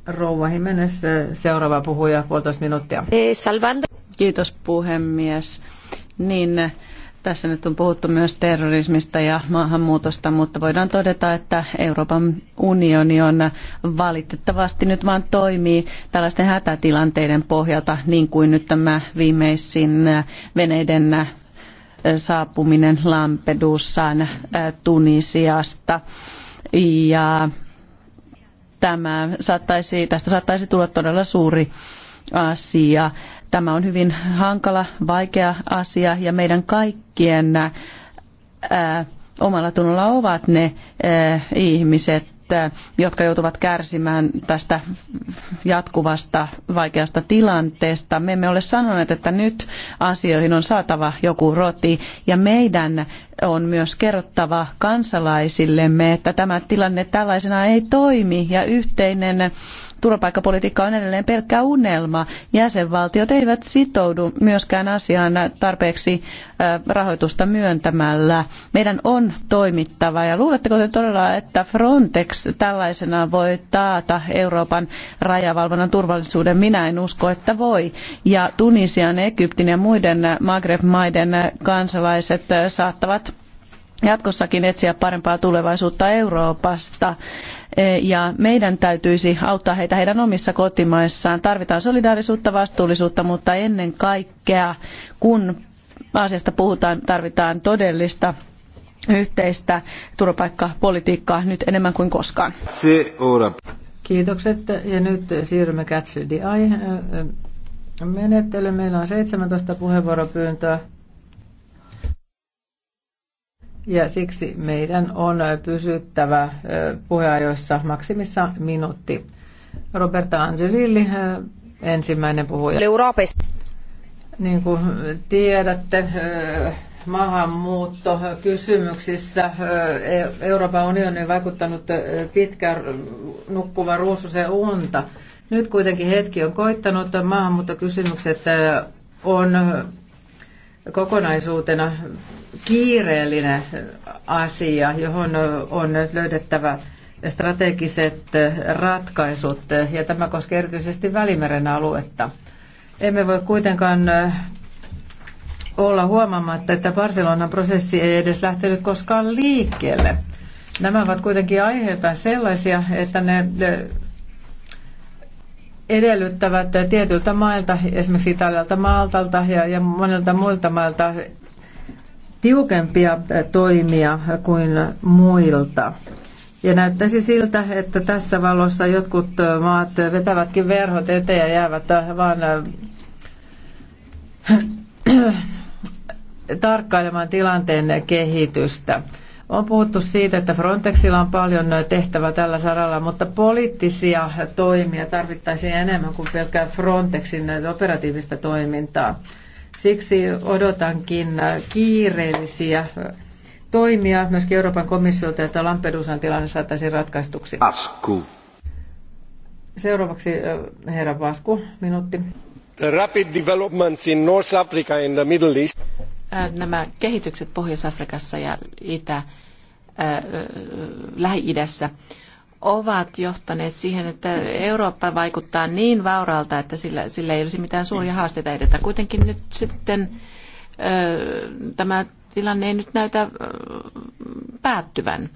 rouva Himenes, seuraava puhuja, puolitoista minuuttia. Eh, Kiitos, puhemies. Niin, tässä nyt on puhuttu myös terrorismista ja maahanmuutosta, mutta voidaan todeta, että Euroopan unioni on valitettavasti nyt vain toimii tällaisten hätätilanteiden pohjalta, niin kuin nyt tämä viimeisin veneiden saapuminen Lampedusaan äh, Tunisiasta. Ja tämä saattaisi, tästä saattaisi tulla todella suuri asia. Tämä on hyvin hankala, vaikea asia ja meidän kaikkien ää, omalla tunnolla ovat ne ää, ihmiset, jotka joutuvat kärsimään tästä jatkuvasta vaikeasta tilanteesta. Me emme ole sanoneet, että nyt asioihin on saatava joku roti ja meidän on myös kerrottava kansalaisillemme, että tämä tilanne tällaisena ei toimi ja yhteinen turvapaikkapolitiikka on edelleen pelkkä unelma. Jäsenvaltiot eivät sitoudu myöskään asiaan tarpeeksi rahoitusta myöntämällä. Meidän on toimittava ja luuletteko te todella, että Frontex tällaisena voi taata Euroopan rajavalvonnan turvallisuuden? Minä en usko, että voi. Ja Tunisian, Egyptin ja muiden Maghreb-maiden kansalaiset saattavat jatkossakin etsiä parempaa tulevaisuutta Euroopasta e, ja meidän täytyisi auttaa heitä heidän omissa kotimaissaan. Tarvitaan solidaarisuutta, vastuullisuutta, mutta ennen kaikkea, kun asiasta puhutaan, tarvitaan todellista yhteistä turvapaikkapolitiikkaa nyt enemmän kuin koskaan. Kiitokset ja nyt siirrymme Catch the Eye menettelyyn. Meillä on 17 puheenvuoropyyntöä ja siksi meidän on pysyttävä puheajoissa maksimissa minuutti. Roberta Angelilli, ensimmäinen puhuja. Euroopasta. Niin kuin tiedätte, maahanmuutto kysymyksissä e- Euroopan unioni on vaikuttanut pitkään nukkuva ruususen unta. Nyt kuitenkin hetki on koittanut, maahanmuuttokysymykset on kokonaisuutena kiireellinen asia, johon on löydettävä strategiset ratkaisut, ja tämä koskee erityisesti Välimeren aluetta. Emme voi kuitenkaan olla huomaamatta, että Barcelonan prosessi ei edes lähtenyt koskaan liikkeelle. Nämä ovat kuitenkin aiheita sellaisia, että ne edellyttävät tietyiltä mailta, esimerkiksi Italialta, Maltalta ja, ja monelta muilta mailta tiukempia toimia kuin muilta. Ja näyttäisi siltä, että tässä valossa jotkut maat vetävätkin verhot eteen ja jäävät vaan tarkkailemaan tilanteen kehitystä. On puhuttu siitä, että Frontexilla on paljon tehtävää tällä saralla, mutta poliittisia toimia tarvittaisiin enemmän kuin pelkkää Frontexin operatiivista toimintaa. Siksi odotankin kiireellisiä toimia myös Euroopan komissiolta, että Lampedusan tilanne saataisiin ratkaistuksi. Asku. Seuraavaksi herra Vasku, minuutti. The rapid developments in North Africa and the Middle East Äh, nämä kehitykset Pohjois-Afrikassa ja Itä, äh, Lähi-idässä ovat johtaneet siihen, että Eurooppa vaikuttaa niin vauraalta, että sillä, sillä ei olisi mitään suuria haasteita edetä. Kuitenkin nyt sitten äh, tämä tilanne ei nyt näytä päättyvän.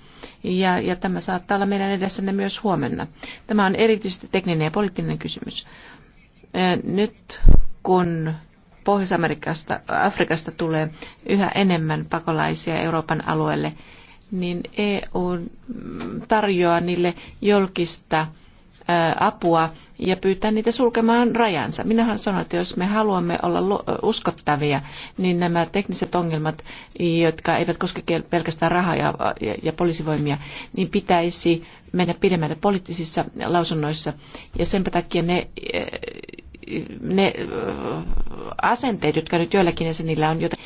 Ja, ja tämä saattaa olla meidän edessämme myös huomenna. Tämä on erityisesti tekninen ja poliittinen kysymys. Nyt kun Pohjois-Amerikasta, Afrikasta tulee yhä enemmän pakolaisia Euroopan alueelle, niin EU tarjoaa niille julkista apua ja pyytää niitä sulkemaan rajansa. Minähän sanoin, että jos me haluamme olla uskottavia, niin nämä tekniset ongelmat, jotka eivät koske pelkästään rahaa ja, ja poliisivoimia, niin pitäisi mennä pidemmälle poliittisissa lausunnoissa. Ja sen takia ne, ne asenteet, jotka nyt joillakin jäsenillä on joten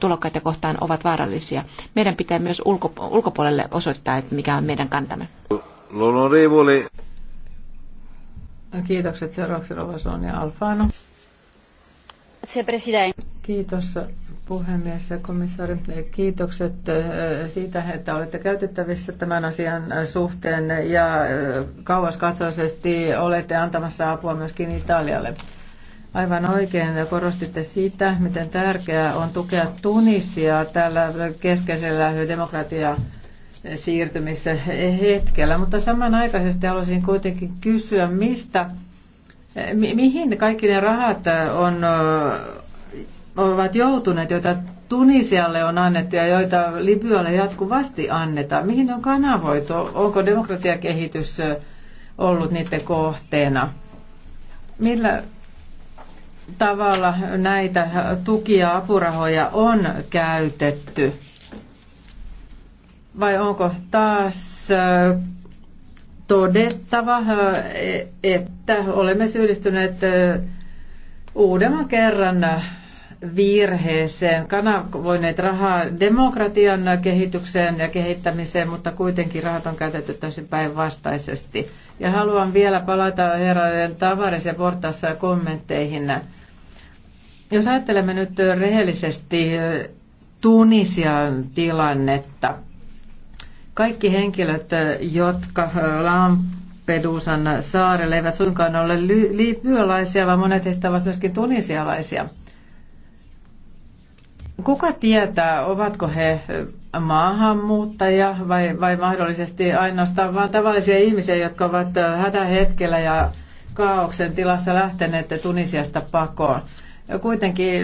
tulokkaita kohtaan, ovat vaarallisia. Meidän pitää myös ulkopuolelle osoittaa, että mikä on meidän kantamme. Kiitokset seuraavaksi Rova Sonia Alfano. Kiitos puhemies ja komissaari. Kiitokset siitä, että olette käytettävissä tämän asian suhteen ja kauaskatsoisesti olette antamassa apua myöskin Italialle. Aivan oikein korostitte sitä, miten tärkeää on tukea Tunisia tällä keskeisellä demokratia siirtymissä hetkellä. Mutta samanaikaisesti haluaisin kuitenkin kysyä, mistä, mi- mihin kaikki ne rahat on, ovat joutuneet, joita Tunisialle on annettu ja joita Libyalle jatkuvasti annetaan. Mihin ne on kanavoitu? Onko demokratiakehitys ollut niiden kohteena? Millä tavalla näitä tukia, apurahoja on käytetty? Vai onko taas todettava, e, että olemme syyllistyneet uudemman kerran virheeseen, kanavoineet rahaa demokratian kehitykseen ja kehittämiseen, mutta kuitenkin rahat on käytetty täysin päinvastaisesti. Ja haluan vielä palata herrojen tavarissa ja Portassa kommentteihin. Jos ajattelemme nyt rehellisesti eh, Tunisian tilannetta, kaikki henkilöt, eh, jotka eh, Lampedusan saarelle eivät suinkaan ole libyalaisia, vaan monet heistä ovat myöskin tunisialaisia – Kuka tietää, ovatko he maahanmuuttajia vai, vai mahdollisesti ainoastaan vain tavallisia ihmisiä, jotka ovat hädän hetkellä ja kaauksen tilassa lähteneet Tunisiasta pakoon. Kuitenkin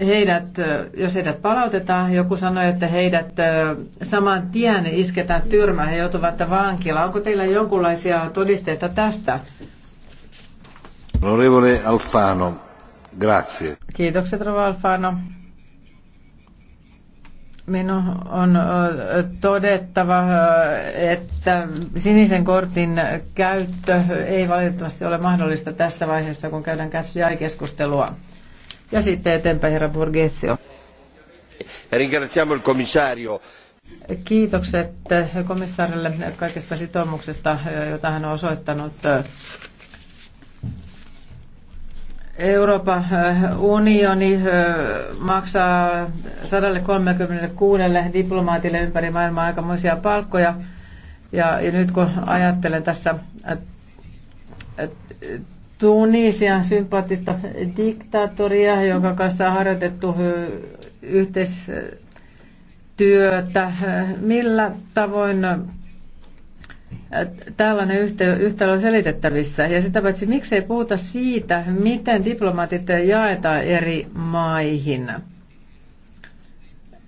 heidät, jos heidät palautetaan, joku sanoi, että heidät saman tien isketään tyrmään, he joutuvat vankilaan. Onko teillä jonkinlaisia todisteita tästä? Onorevole Alfano. Grazie. Kiitokset, Rova Alfano. Minun on todettava, että sinisen kortin käyttö ei valitettavasti ole mahdollista tässä vaiheessa, kun käydään käsiai-keskustelua. Ja sitten eteenpäin, herra Burgessio. Ringraziamo il commissario. Kiitokset komissaarille kaikesta sitoumuksesta, jota hän on osoittanut Euroopan äh, unioni äh, maksaa 136 diplomaatille ympäri maailmaa aikamoisia palkkoja. Ja, ja nyt kun ajattelen tässä äh, Tunisian sympaattista diktaattoria, jonka kanssa on harjoitettu yhteistyötä, millä tavoin tällainen yhtälö on selitettävissä. Ja sitä paitsi miksei puhuta siitä, miten diplomaatit jaetaan eri maihin.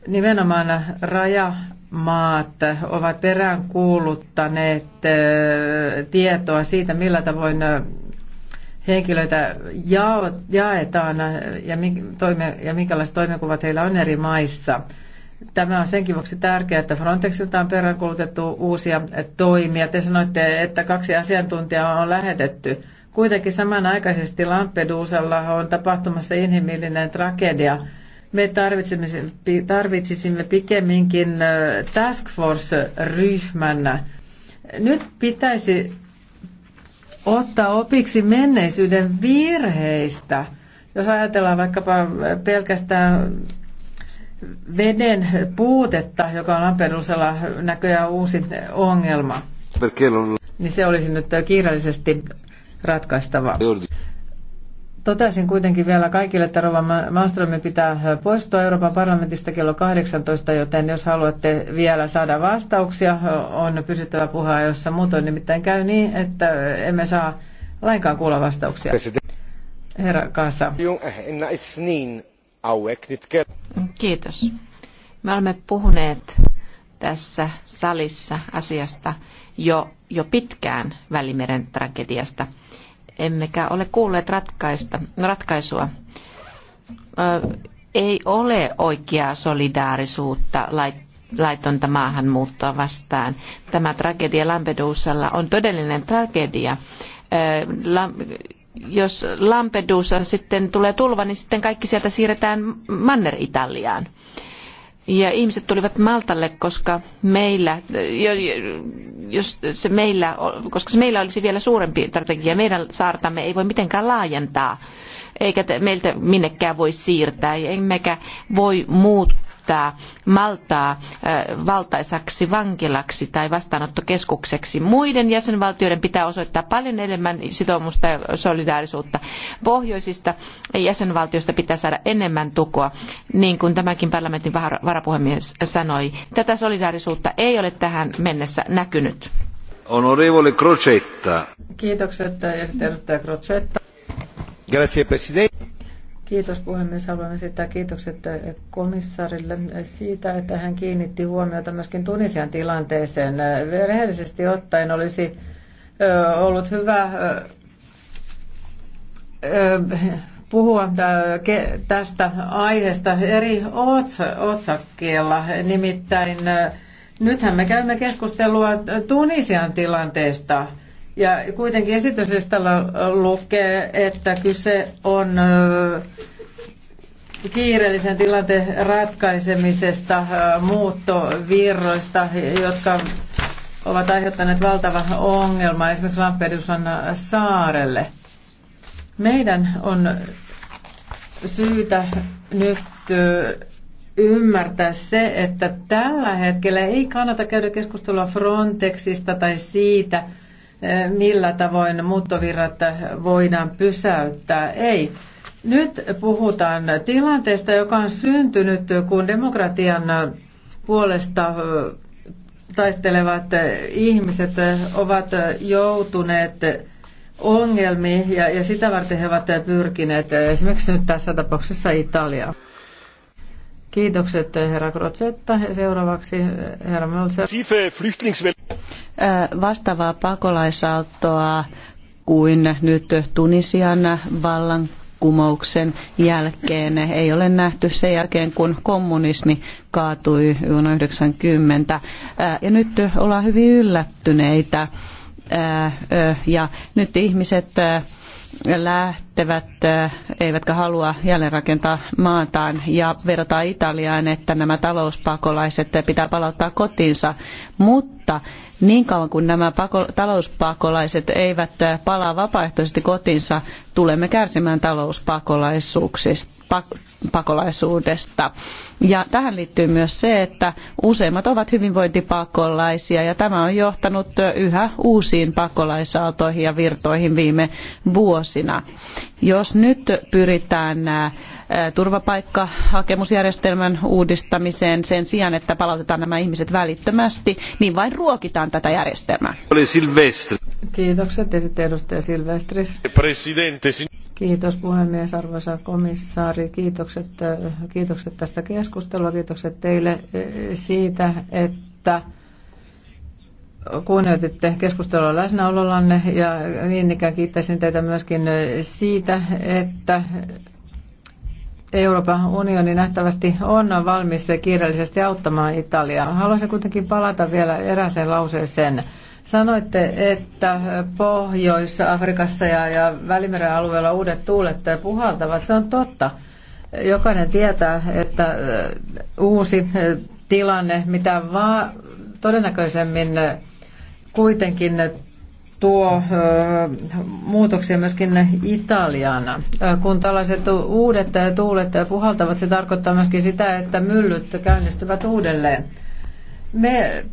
Nimenomaan rajamaat ovat peräänkuuluttaneet tietoa siitä, millä tavoin henkilöitä jaetaan ja, toime, ja minkälaiset toimenkuvat heillä on eri maissa – Tämä on senkin vuoksi tärkeää, että Frontexilta on peräänkuulutettu uusia toimia. Te sanoitte, että kaksi asiantuntijaa on lähetetty. Kuitenkin samanaikaisesti Lampedusalla on tapahtumassa inhimillinen tragedia. Me tarvitsisimme pikemminkin task force-ryhmän. Nyt pitäisi ottaa opiksi menneisyyden virheistä. Jos ajatellaan vaikkapa pelkästään veden puutetta, joka on Lampedusalla näköjään uusi ongelma, niin se olisi nyt kiireellisesti ratkaistava. Totesin kuitenkin vielä kaikille, että Rova Malmströmin pitää poistua Euroopan parlamentista kello 18, joten jos haluatte vielä saada vastauksia, on pysyttävä puhaa, jossa muutoin nimittäin käy niin, että emme saa lainkaan kuulla vastauksia. Herra Kaasa. Eh, Kiitos. Me olemme puhuneet tässä salissa asiasta jo, jo pitkään Välimeren tragediasta, emmekä ole kuulleet ratkaista, ratkaisua. Ö, ei ole oikeaa solidaarisuutta laitonta maahanmuuttoa vastaan. Tämä tragedia Lampedusalla on todellinen tragedia. Ö, jos Lampedusa sitten tulee tulva, niin sitten kaikki sieltä siirretään Manner-Italiaan. Ja ihmiset tulivat Maltalle, koska meillä, jos se meillä, koska se meillä olisi vielä suurempi strategia. Meidän saartamme ei voi mitenkään laajentaa, eikä meiltä minnekään voi siirtää, emmekä voi muuttaa muuttaa Maltaa valtaisaksi vankilaksi tai vastaanottokeskukseksi. Muiden jäsenvaltioiden pitää osoittaa paljon enemmän sitoumusta ja solidaarisuutta. Pohjoisista jäsenvaltioista pitää saada enemmän tukea, niin kuin tämäkin parlamentin varapuhemies sanoi. Tätä solidaarisuutta ei ole tähän mennessä näkynyt. Onorevole Crocetta. Kiitokset ja sitten edustaja Crocetta. Grazie Presidente. Kiitos puhemies. Haluan esittää kiitokset komissarille siitä, että hän kiinnitti huomiota myöskin Tunisian tilanteeseen. Rehellisesti ottaen olisi ollut hyvä puhua tästä aiheesta eri otsakkeella. Nimittäin nythän me käymme keskustelua Tunisian tilanteesta – ja kuitenkin esityslistalla lukee, että kyse on kiireellisen tilanteen ratkaisemisesta, muuttovirroista, jotka ovat aiheuttaneet valtavan ongelman esimerkiksi Lampedusan saarelle. Meidän on syytä nyt ymmärtää se, että tällä hetkellä ei kannata käydä keskustelua Frontexista tai siitä, millä tavoin muuttovirrat voidaan pysäyttää. Ei. Nyt puhutaan tilanteesta, joka on syntynyt, kun demokratian puolesta taistelevat ihmiset ovat joutuneet ongelmiin ja, ja sitä varten he ovat pyrkineet esimerkiksi nyt tässä tapauksessa Italiaan. Kiitokset herra Crocetta. Seuraavaksi eh, herra Mölzer. Vastaavaa pakolaisaaltoa kuin nyt Tunisian vallankumouksen jälkeen. Ei ole nähty sen jälkeen, kun kommunismi kaatui vuonna 90. Ja nyt ollaan hyvin yllättyneitä. Ja nyt ihmiset lähtevät, eh, eivätkä halua jälleenrakentaa maataan ja vedota Italiaan, että nämä talouspakolaiset pitää palauttaa kotiinsa. Mutta niin kauan kuin nämä pako- talouspakolaiset eivät palaa vapaaehtoisesti kotinsa, tulemme kärsimään talouspakolaisuudesta. Ja tähän liittyy myös se, että useimmat ovat hyvinvointipakolaisia ja tämä on johtanut yhä uusiin pakolaisaaltoihin ja virtoihin viime vuosina. Jos nyt pyritään äh, turvapaikkahakemusjärjestelmän uudistamiseen sen sijaan, että palautetaan nämä ihmiset välittömästi, niin vain ruokitaan tätä järjestelmää. Silvestri. Kiitokset ja sitten edustaja Silvestris. Presidente. Kiitos puhemies, arvoisa komissaari. Kiitokset, eh, kiitokset tästä keskustelua. Kiitokset teille eh, siitä, että kunnioititte keskustelua läsnäolollanne ja niin ikään kiittäisin teitä myöskin eh, siitä, että Euroopan unioni nähtävästi on valmis kiireellisesti auttamaan Italiaa. Haluaisin kuitenkin palata vielä erääseen lauseeseen. Sanoitte, että Pohjois-Afrikassa ja, ja Välimeren alueella uudet tuulet puhaltavat. Se on totta. Jokainen tietää, että äh, uusi äh, tilanne, mitä vaan todennäköisemmin äh, kuitenkin tuo muutoksia myöskin Italiana. Kun tällaiset uudet tuulet puhaltavat, se tarkoittaa myöskin sitä, että myllyt käynnistyvät uudelleen. Me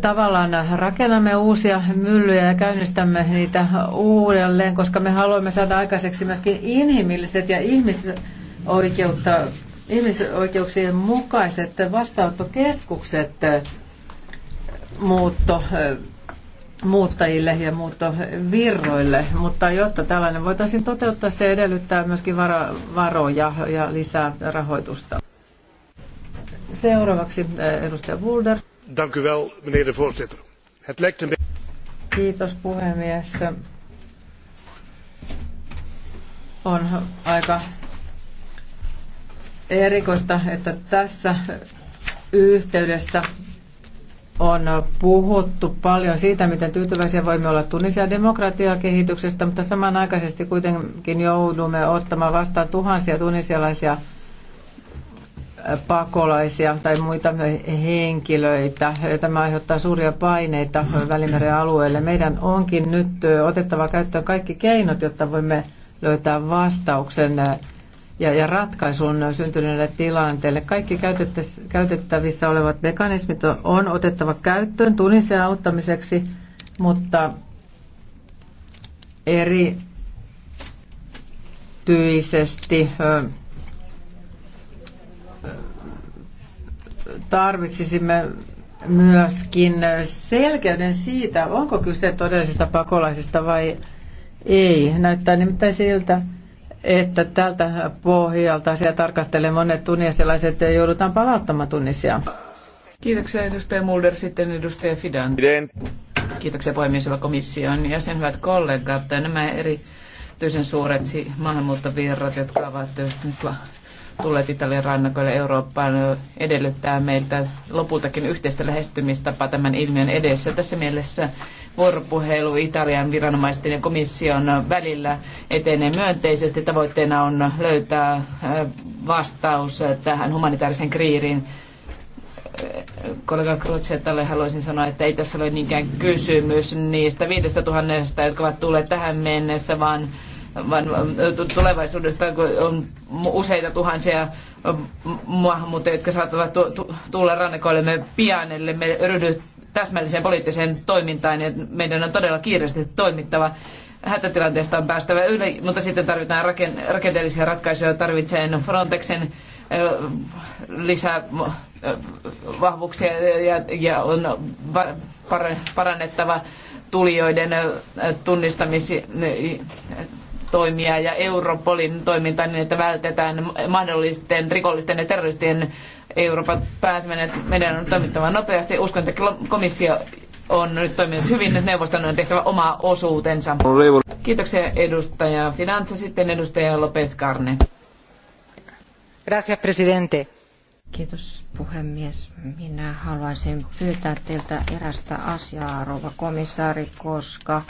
tavallaan rakennamme uusia myllyjä ja käynnistämme niitä uudelleen, koska me haluamme saada aikaiseksi myöskin inhimilliset ja ihmisoikeutta, ihmisoikeuksien mukaiset vastaanottokeskukset muutto muuttajille ja muuttovirroille, mutta jotta tällainen voitaisiin toteuttaa, se edellyttää myöskin varoja ja lisää rahoitusta. Seuraavaksi eh, edustaja Bulder. Kiitos puhemies. On aika erikoista, että tässä yhteydessä on puhuttu paljon siitä, miten tyytyväisiä voimme olla Tunisia demokratiakehityksestä, mutta samanaikaisesti kuitenkin joudumme ottamaan vastaan tuhansia tunisialaisia äh, pakolaisia tai muita henkilöitä. Tämä aiheuttaa suuria paineita Välimeren alueelle. Meidän onkin nyt otettava käyttöön kaikki keinot, jotta voimme löytää vastauksen ja, ja ratkaisun syntyneelle tilanteelle. Kaikki käytettävissä olevat mekanismit on otettava käyttöön tunnisen auttamiseksi, mutta erityisesti tarvitsisimme myöskin selkeyden siitä, onko kyse todellisista pakolaisista vai ei. Näyttää nimittäin siltä, että tältä pohjalta asia tarkastelee monet tunisialaiset ja joudutaan palauttamaan tunnisia. Kiitoksia edustaja Mulder, sitten edustaja Fidan. Kiitoksia puhemies, hyvä komission ja sen hyvät kollegat. Nämä erityisen suuret maahanmuuttovirrat, jotka ovat tulleet Italian rannakoille Eurooppaan edellyttää meiltä lopultakin yhteistä lähestymistapaa tämän ilmiön edessä. Tässä mielessä vuoropuhelu Italian viranomaisten ja komission välillä etenee myönteisesti. Tavoitteena on löytää vastaus tähän humanitaarisen kriiriin kollega Crocetalle haluaisin sanoa, että ei tässä ole niinkään kysymys niistä viidestä tuhannesta, jotka ovat tulleet tähän mennessä, vaan vaan äh, tulevaisuudesta on useita tuhansia äh, maahanmuuttajia, jotka saattavat tulla rannikoillemme pian, ellei me ryhdy täsmälliseen poliittiseen toimintaan ja meidän on todella kiireesti toimittava. Hätätilanteesta on päästävä yli, mutta sitten tarvitaan rakenteellisia ratkaisuja tarvitseen Frontexin äh, lisää vahvuuksia ja, ja on parannettava tulijoiden tunnistamis- toimia ja Europolin toimintaa niin, että vältetään mahdollisten rikollisten ja terroristien Euroopan pääseminen. Meidän on toimittava nopeasti. Uskon, että komissio on nyt toiminut hyvin, nyt neuvoston on tehtävä oma osuutensa. Kiitoksia edustaja Finanza, sitten edustaja Lopez Carne. Gracias, presidente. Kiitos puhemies. Minä haluaisin pyytää teiltä erästä asiaa, rouva komissaari, koska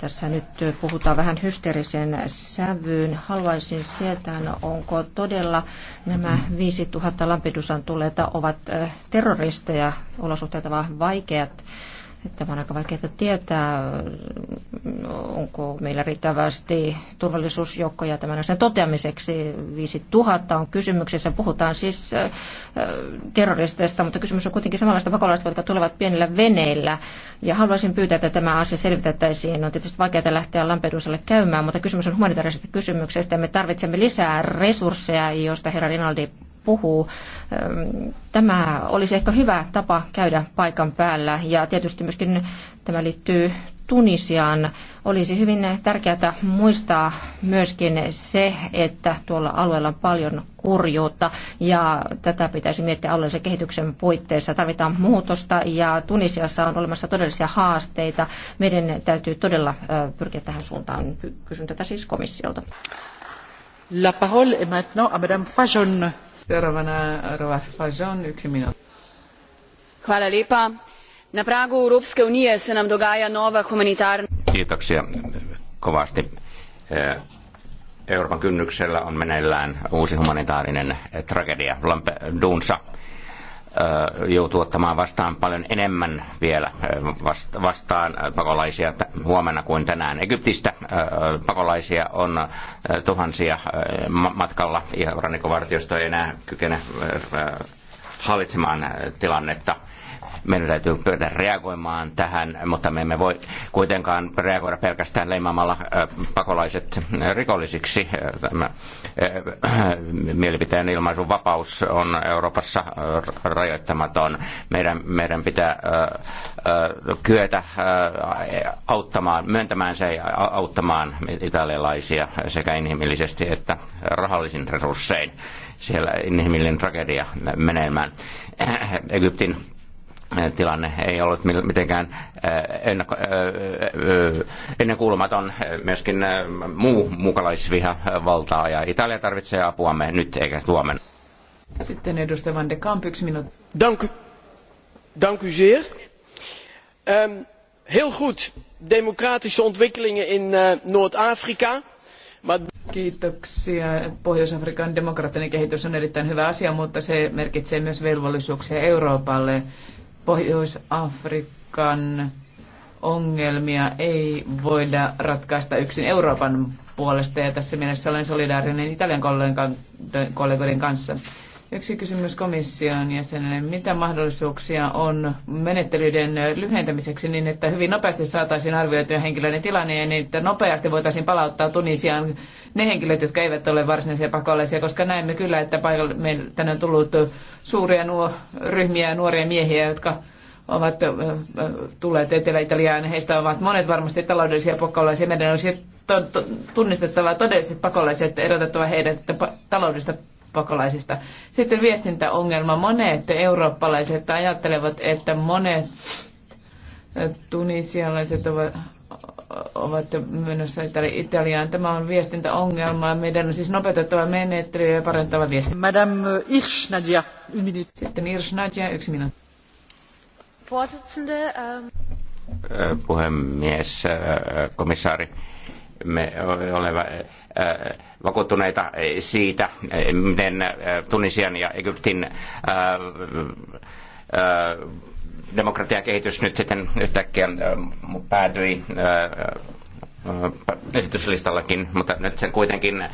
tässä nyt puhutaan vähän hysteerisen sävyyn. Haluaisin sieltä, no onko todella nämä 5000 Lampedusan tulleita ovat eh, terroristeja, olosuhteet ovat vaikeat Tämä on aika vaikeaa tietää, onko meillä riittävästi turvallisuusjoukkoja tämän asian toteamiseksi. 5000 on kysymyksessä. Puhutaan siis terroristeista, mutta kysymys on kuitenkin samanlaista pakolaista, jotka tulevat pienillä veneillä. Ja haluaisin pyytää, että tämä asia selvitettäisiin. On tietysti vaikeaa lähteä Lampedusalle käymään, mutta kysymys on humanitaarisesta kysymyksestä. Me tarvitsemme lisää resursseja, joista herra Rinaldi puhuu. Tämä olisi ehkä hyvä tapa käydä paikan päällä ja tietysti myöskin tämä liittyy Tunisiaan. Olisi hyvin tärkeää muistaa myöskin se, että tuolla alueella on paljon kurjuutta ja tätä pitäisi miettiä alueellisen kehityksen puitteissa. Tarvitaan muutosta ja Tunisiassa on olemassa todellisia haasteita. Meidän täytyy todella pyrkiä tähän suuntaan. Kysyn tätä siis komissiolta. La parole est maintenant à Madame Fajon. Seuraavana Rova yksi minuutti. Hvala lepa. Na pragu Europske unije se nam dogaja nova humanitarna... Kiitoksia kovasti. Eh, Euroopan kynnyksellä on meneillään uusi humanitaarinen tragedia Lampedunsa joutuu ottamaan vastaan paljon enemmän vielä vastaan pakolaisia huomenna kuin tänään. Egyptistä pakolaisia on tuhansia matkalla ja rannikkovartiosto ei enää kykene hallitsemaan tilannetta. Meidän täytyy pyydä reagoimaan tähän, mutta me emme voi kuitenkaan reagoida pelkästään leimaamalla pakolaiset rikollisiksi. Eh, mielipiteen ilmaisun vapaus on Euroopassa eh, rajoittamaton. Meidän, meidän pitää eh, kyetä auttamaan, myöntämään se ja auttamaan italialaisia sekä inhimillisesti että rahallisin resurssein. Siellä inhimillinen tragedia menemään. Egyptin Äh, tilanne ei ollut mitenkään äh, äh, ennenkuulumaton. Myöskin muu mukalaisviha valtaa ja Italia tarvitsee apuamme nyt eikä huomenna. Sitten edustaja Van de Kamp, yksi minuutti. Dank, dank u zeer. Um, heel goed, democratische ontwikkelingen in uh, Noord-Afrika. Maar... Kiitoksia. Pohjois-Afrikan demokraattinen kehitys on erittäin hyvä asia, mutta se merkitsee myös velvollisuuksia Euroopalle Pohjois-Afrikan ongelmia ei voida ratkaista yksin Euroopan puolesta ja tässä mielessä olen solidaarinen Italian kollegoiden kanssa. Yksi kysymys komission jäsenelle. Mitä mahdollisuuksia on menettelyiden lyhentämiseksi niin, että hyvin nopeasti saataisiin arvioitua henkilöiden tilanne ja niin, että nopeasti voitaisiin palauttaa Tunisiaan ne henkilöt, jotka eivät ole varsinaisia pakolaisia, koska näemme kyllä, että tänne on tullut suuria nuo ryhmiä nuoria miehiä, jotka ovat tulleet Etelä-Italiaan. Heistä ovat monet varmasti taloudellisia pakolaisia. Meidän olisi tunnistettava todelliset pakolaiset, erotettava heidät että taloudellista pakolaisista. Sitten viestintäongelma. Monet eurooppalaiset ajattelevat, että monet tunisialaiset ovat ovat menossa Italiaan. Tämä on viestintäongelma. Meidän on siis nopeutettava menettelyä ja parantava viesti. Madame Irsch Nadia, yksi minuutti. Sitten Irsch Nadia, yksi minuutti. Puhemies, eh, komissaari me olemme vakuuttuneita siitä, miten Tunisian ja Egyptin demokratiakehitys nyt sitten yhtäkkiä päätyi esityslistallakin, mutta nyt sen kuitenkin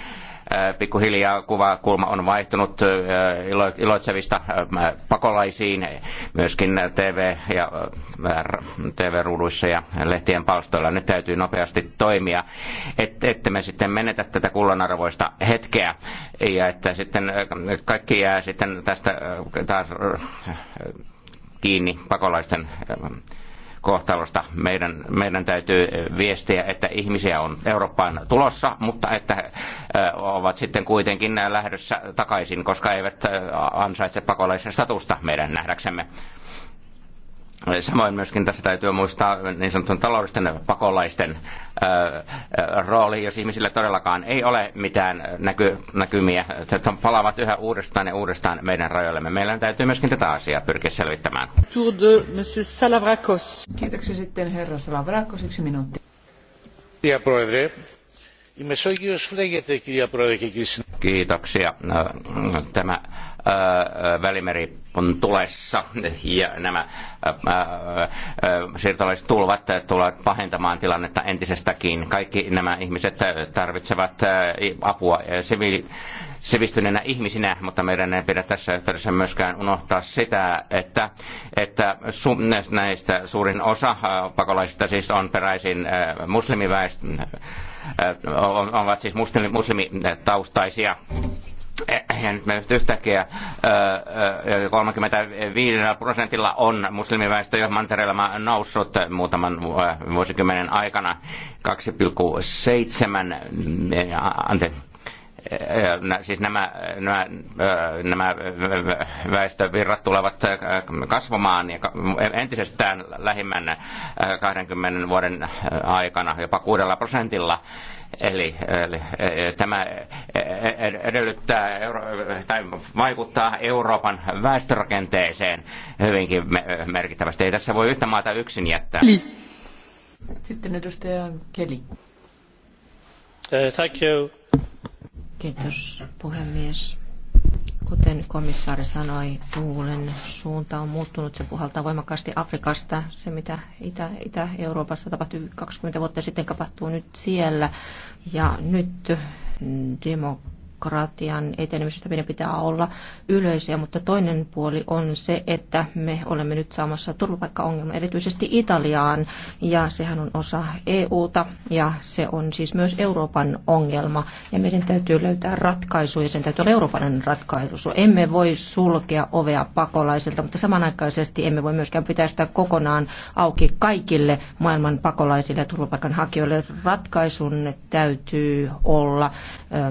Äh, pikkuhiljaa kuva, on vaihtunut äh, iloitsevista äh, pakolaisiin myöskin TV- ja TV-ruuduissa ja lehtien palstoilla. Nyt täytyy nopeasti toimia, että me sitten menetä tätä kullanarvoista hetkeä ja että sitten kaikki jää sitten tästä taas kiinni pakolaisten kohtalosta. Meidän, meidän täytyy viestiä, että ihmisiä on Eurooppaan tulossa, mutta että ovat sitten kuitenkin lähdössä takaisin, koska eivät ansaitse pakolaisen statusta meidän nähdäksemme. Samoin myöskin tässä täytyy muistaa niin sanotun taloudellisten pakolaisten rooli, jos ihmisillä todellakaan ei ole mitään näky, näkymiä. Palaavat yhä uudestaan ja uudestaan meidän rajoillemme. Meillä täytyy myöskin tätä asiaa pyrkiä selvittämään. Tour de Monsieur Kiitoksia sitten herra Salavrakos. Yksi minuutti. Kiitoksia. Tämä Välimeri on tulessa ja nämä siirtolaiset tulvat tulevat pahentamaan tilannetta entisestäkin. Kaikki nämä ihmiset tarvitsevat apua siviili sivistyneenä ihmisinä, mutta meidän ei pidä tässä yhteydessä myöskään unohtaa sitä, että, että su, näistä suurin osa pakolaisista siis on peräisin muslimiväestö, ovat siis muslimitaustaisia ja nyt me yhtäkkiä 35 prosentilla on muslimiväestö jo mantereella noussut muutaman vuosikymmenen aikana 2,7 anteeksi siis nämä, nämä, nämä väestövirrat tulevat kasvamaan ja entisestään lähimmän 20 vuoden aikana jopa 6 prosentilla. Eli, eli e, e, tämä edellyttää tai vaikuttaa Euroopan väestörakenteeseen hyvinkin merkittävästi. Ei tässä voi yhtä maata yksin jättää. Sitten edustaja Keli. Uh, thank you. Kiitos puhemies. Kuten komissaari sanoi, tuulen suunta on muuttunut. Se puhaltaa voimakkaasti Afrikasta. Se, mitä Itä- Itä-Euroopassa tapahtui 20 vuotta sitten, tapahtuu nyt siellä. Ja nyt mm, demok- demokratian etenemisestä meidän pitää olla yleisiä, mutta toinen puoli on se, että me olemme nyt saamassa turvapaikkaongelma erityisesti Italiaan ja sehän on osa EUta ja se on siis myös Euroopan ongelma ja meidän täytyy löytää ratkaisu ja sen täytyy olla Euroopan ratkaisu. Emme voi sulkea ovea pakolaisilta, mutta samanaikaisesti emme voi myöskään pitää sitä kokonaan auki kaikille maailman pakolaisille ja turvapaikanhakijoille. Ratkaisun täytyy olla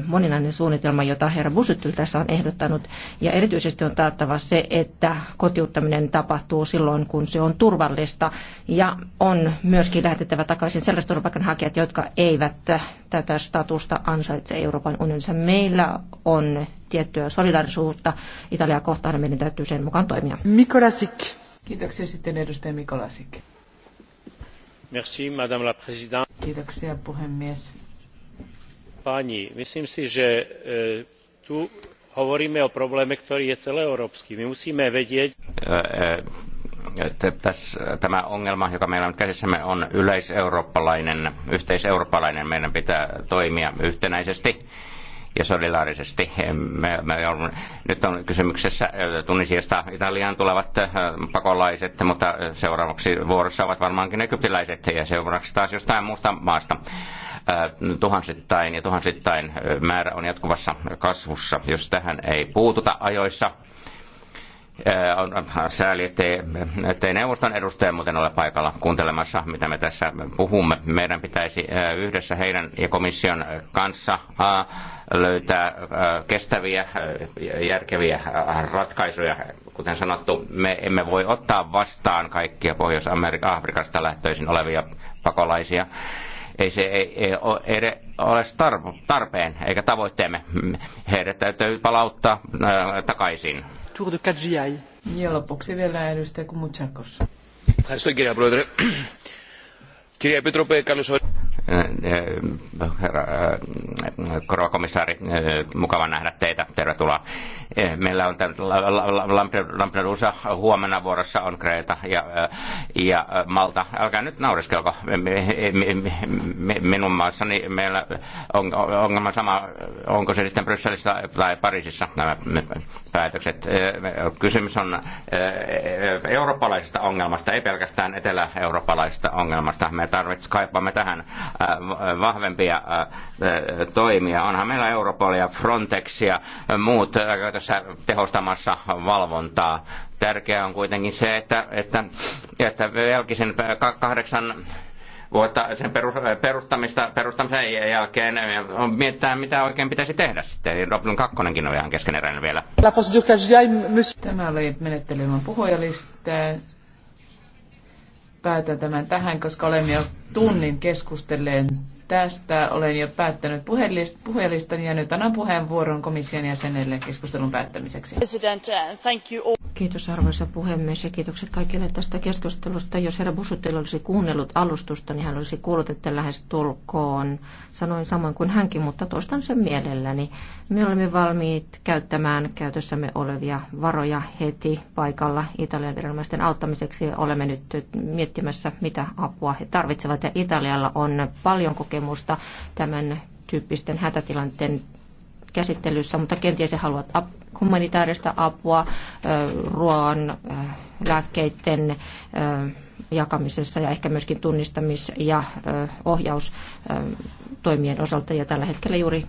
moninainen suunnitelma toimintasuunnitelma, jota herra Busuttil tässä on ehdottanut. Ja erityisesti on taattava se, että kotiuttaminen tapahtuu silloin, kun se on turvallista. Ja on myöskin lähetettävä takaisin sellaiset turvapaikanhakijat, jotka eivät tätä statusta ansaitse Euroopan unionissa. Meillä on tiettyä solidaarisuutta Italiaa kohtaan ja meidän täytyy sen mukaan toimia. Mikolasik. Kiitoksia sitten edustaja Mikolasik. Merci, madame la présidente. Kiitoksia puhemies páni myslím si že e, tu hovoríme o probléme ktorý je celoeurópsky. my musíme vedieť e, e, tämä ongelma, joka meillä on käsissämme, on yleiseurooppalainen, yhteiseurooppalainen. Meidän pitää toimia yhtenäisesti ja solidaarisesti. Me, me nyt on kysymyksessä Tunisiasta Italiaan tulevat pakolaiset, mutta seuraavaksi vuorossa ovat varmaankin egyptiläiset ja seuraavaksi taas jostain muusta maasta. Tuhansittain ja tuhansittain määrä on jatkuvassa kasvussa. Jos tähän ei puututa ajoissa, on äh, sääli, ettei, ettei neuvoston edustaja muuten ole paikalla kuuntelemassa, mitä me tässä puhumme. Meidän pitäisi yhdessä heidän ja komission kanssa löytää kestäviä, järkeviä ratkaisuja. Kuten sanottu, me emme voi ottaa vastaan kaikkia Pohjois-Afrikasta lähtöisin olevia pakolaisia. Ei se ei, ei ole tarpeen eikä tavoitteemme. Heidät täytyy palauttaa takaisin tour de KGI. Ja lopuksi vielä edustaja Kumutsakos. Ευχαριστώ κύριε herra komissaari, mukava nähdä teitä. Tervetuloa Eh, meillä on Lampedusa huomenna vuorossa on Kreta ja, eh, ja eh, Malta. Älkää nyt nauriskelko. Minun maassani meillä on ongelma sama, onko se sitten Brysselissä tai Pariisissa nämä päätökset. Kysymys on eurooppalaisesta ongelmasta, ei pelkästään etelä-eurooppalaisesta ongelmasta. Me tarvitsemme kaipaamme tähän vahvempia toimia. Onhan meillä Europol ja Frontex ja muut tässä tehostamassa valvontaa. Tärkeää on kuitenkin se, että, että, että velkisen kahdeksan vuotta sen perustamista, perustamisen jälkeen mietitään, mitä oikein pitäisi tehdä sitten. Dublin 2 on ihan keskeneräinen vielä. Tämä oli menettelymän puhujalista. Päätän tämän tähän, koska olemme jo tunnin keskustelleen Tästä olen jo päättänyt puhelistani ja nyt annan puheenvuoron komission jäsenelle keskustelun päättämiseksi. Uh, Kiitos arvoisa puhemies ja kiitokset kaikille tästä keskustelusta. Jos herra Busuttil olisi kuunnellut alustusta, niin hän olisi kuullut, että lähes tulkoon. Sanoin samoin kuin hänkin, mutta toistan sen mielelläni. Me olemme valmiit käyttämään käytössämme olevia varoja heti paikalla Italian viranomaisten auttamiseksi. Olemme nyt miettimässä, mitä apua he tarvitsevat ja Italialla on paljon kokemusta kokemusta tämän tyyppisten hätätilanteen käsittelyssä, mutta kenties he haluavat ap- humanitaarista apua ruoan, lääkkeiden jakamisessa ja ehkä myöskin tunnistamis- ja ohjaus toimien osalta ja tällä hetkellä juuri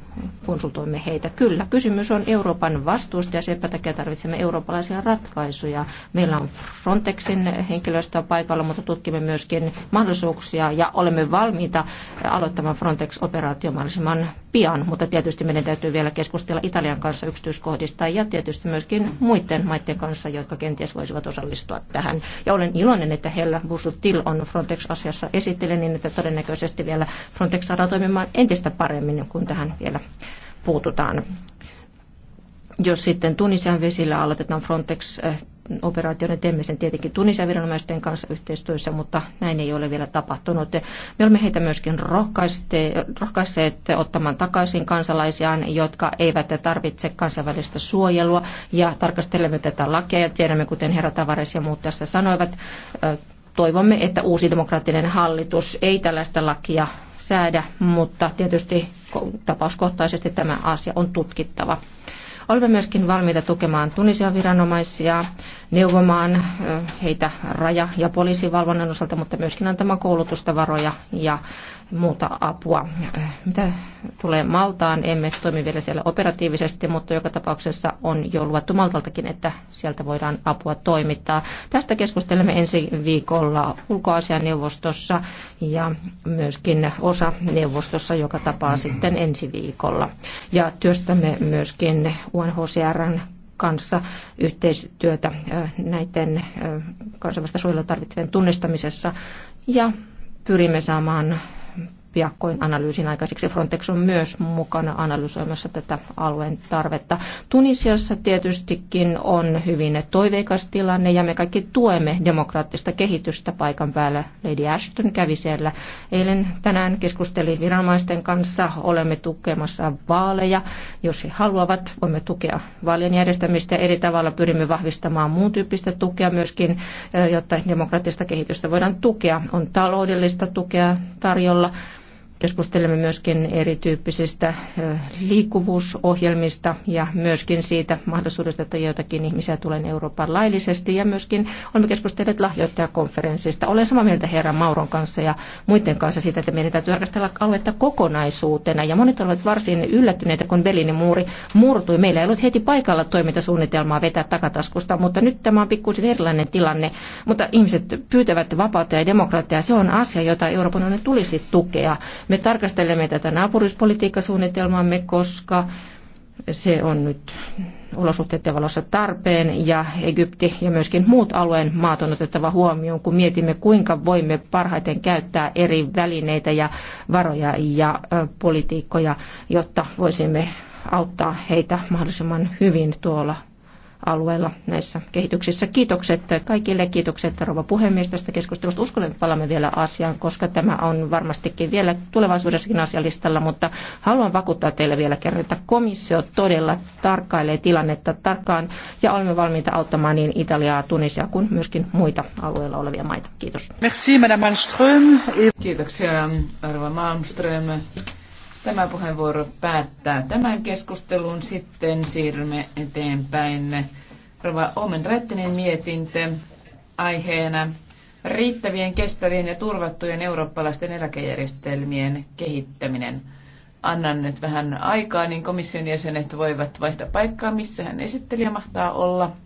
konsultoimme heitä. Kyllä, kysymys on Euroopan vastuusta ja sen takia tarvitsemme eurooppalaisia ratkaisuja. Meillä on Frontexin henkilöstöä paikalla, mutta tutkimme myöskin mahdollisuuksia ja olemme valmiita aloittamaan Frontex-operaatio mahdollisimman pian, mutta tietysti meidän täytyy vielä keskustella Italian kanssa yksityiskohdista ja tietysti myöskin muiden maiden kanssa, jotka kenties voisivat osallistua tähän. Ja olen iloinen, että Hella Busutil on Frontex-asiassa esittelen niin, että todennäköisesti vielä Frontex saadaan toimimaan entistä paremmin, kun tähän vielä puututaan jos sitten Tunisian vesillä aloitetaan Frontex eh, operaatioiden niin teemme sen tietenkin Tunisian viranomaisten kanssa yhteistyössä, mutta näin ei ole vielä tapahtunut. Me olemme heitä myöskin rohkaisseet ottamaan takaisin kansalaisiaan, jotka eivät tarvitse kansainvälistä suojelua, ja tarkastelemme tätä lakia, ja tiedämme, kuten herra Tavares ja muut tässä sanoivat, toivomme, että uusi demokraattinen hallitus ei tällaista lakia säädä, mutta tietysti tapauskohtaisesti tämä asia on tutkittava. Olemme myöskin valmiita tukemaan Tunisian viranomaisia, neuvomaan heitä raja- ja poliisivalvonnan osalta, mutta myöskin antamaan koulutusta, varoja ja muuta apua. Mitä tulee Maltaan, emme toimi vielä siellä operatiivisesti, mutta joka tapauksessa on jo luvattu Maltaltakin, että sieltä voidaan apua toimittaa. Tästä keskustelemme ensi viikolla ulkoasianneuvostossa ja myöskin osa neuvostossa, joka tapaa sitten ensi viikolla. Ja työstämme myöskin UNHCRn kanssa yhteistyötä näiden kansainvälistä suojelua tarvitsevien tunnistamisessa ja pyrimme saamaan piakkoin analyysin aikaiseksi. Frontex on myös mukana analysoimassa tätä alueen tarvetta. Tunisiassa tietystikin on hyvin toiveikas tilanne ja me kaikki tuemme demokraattista kehitystä paikan päällä. Lady Ashton kävi siellä eilen tänään, keskusteli viranomaisten kanssa, olemme tukemassa vaaleja. Jos he haluavat, voimme tukea vaalien järjestämistä eri tavalla, pyrimme vahvistamaan muun tyyppistä tukea myöskin, jotta demokraattista kehitystä voidaan tukea. On taloudellista tukea tarjolla Keskustelemme myöskin erityyppisistä liikkuvuusohjelmista ja myöskin siitä mahdollisuudesta, että joitakin ihmisiä tulee Euroopan laillisesti. Ja myöskin olemme keskustelleet lahjoittajakonferenssista. Olen samaa mieltä herra Mauron kanssa ja muiden kanssa siitä, että meidän täytyy tarkastella aluetta kokonaisuutena. Ja monet olivat varsin yllättyneitä, kun Berliinin muuri murtui. Meillä ei ollut heti paikalla toimintasuunnitelmaa vetää takataskusta, mutta nyt tämä on pikkuisen erilainen tilanne. Mutta ihmiset pyytävät vapautta ja demokratiaa. Se on asia, jota Euroopan unionin tulisi tukea me tarkastelemme tätä naapuruuspolitiikkasuunnitelmaamme, koska se on nyt olosuhteiden valossa tarpeen ja Egypti ja myöskin muut alueen maat on otettava huomioon, kun mietimme kuinka voimme parhaiten käyttää eri välineitä ja varoja ja politiikkoja, jotta voisimme auttaa heitä mahdollisimman hyvin tuolla alueella näissä kehityksissä. Kiitokset kaikille, kiitokset rouva puhemies tästä keskustelusta. Uskon, että palaamme vielä asiaan, koska tämä on varmastikin vielä tulevaisuudessakin asialistalla, mutta haluan vakuuttaa teille vielä kerran, että komissio todella tarkkailee tilannetta tarkkaan ja olemme valmiita auttamaan niin Italiaa, Tunisia kuin myöskin muita alueella olevia maita. Kiitos. Merci, Madame Malmström. Kiitoksia, Arva Malmström. Tämä puheenvuoro päättää tämän keskustelun. Sitten siirrymme eteenpäin. Rova Omen Rättinen mietintö aiheena riittävien, kestävien ja turvattujen eurooppalaisten eläkejärjestelmien kehittäminen. Annan nyt vähän aikaa, niin komission jäsenet voivat vaihtaa paikkaa, missä hän esittelijä mahtaa olla.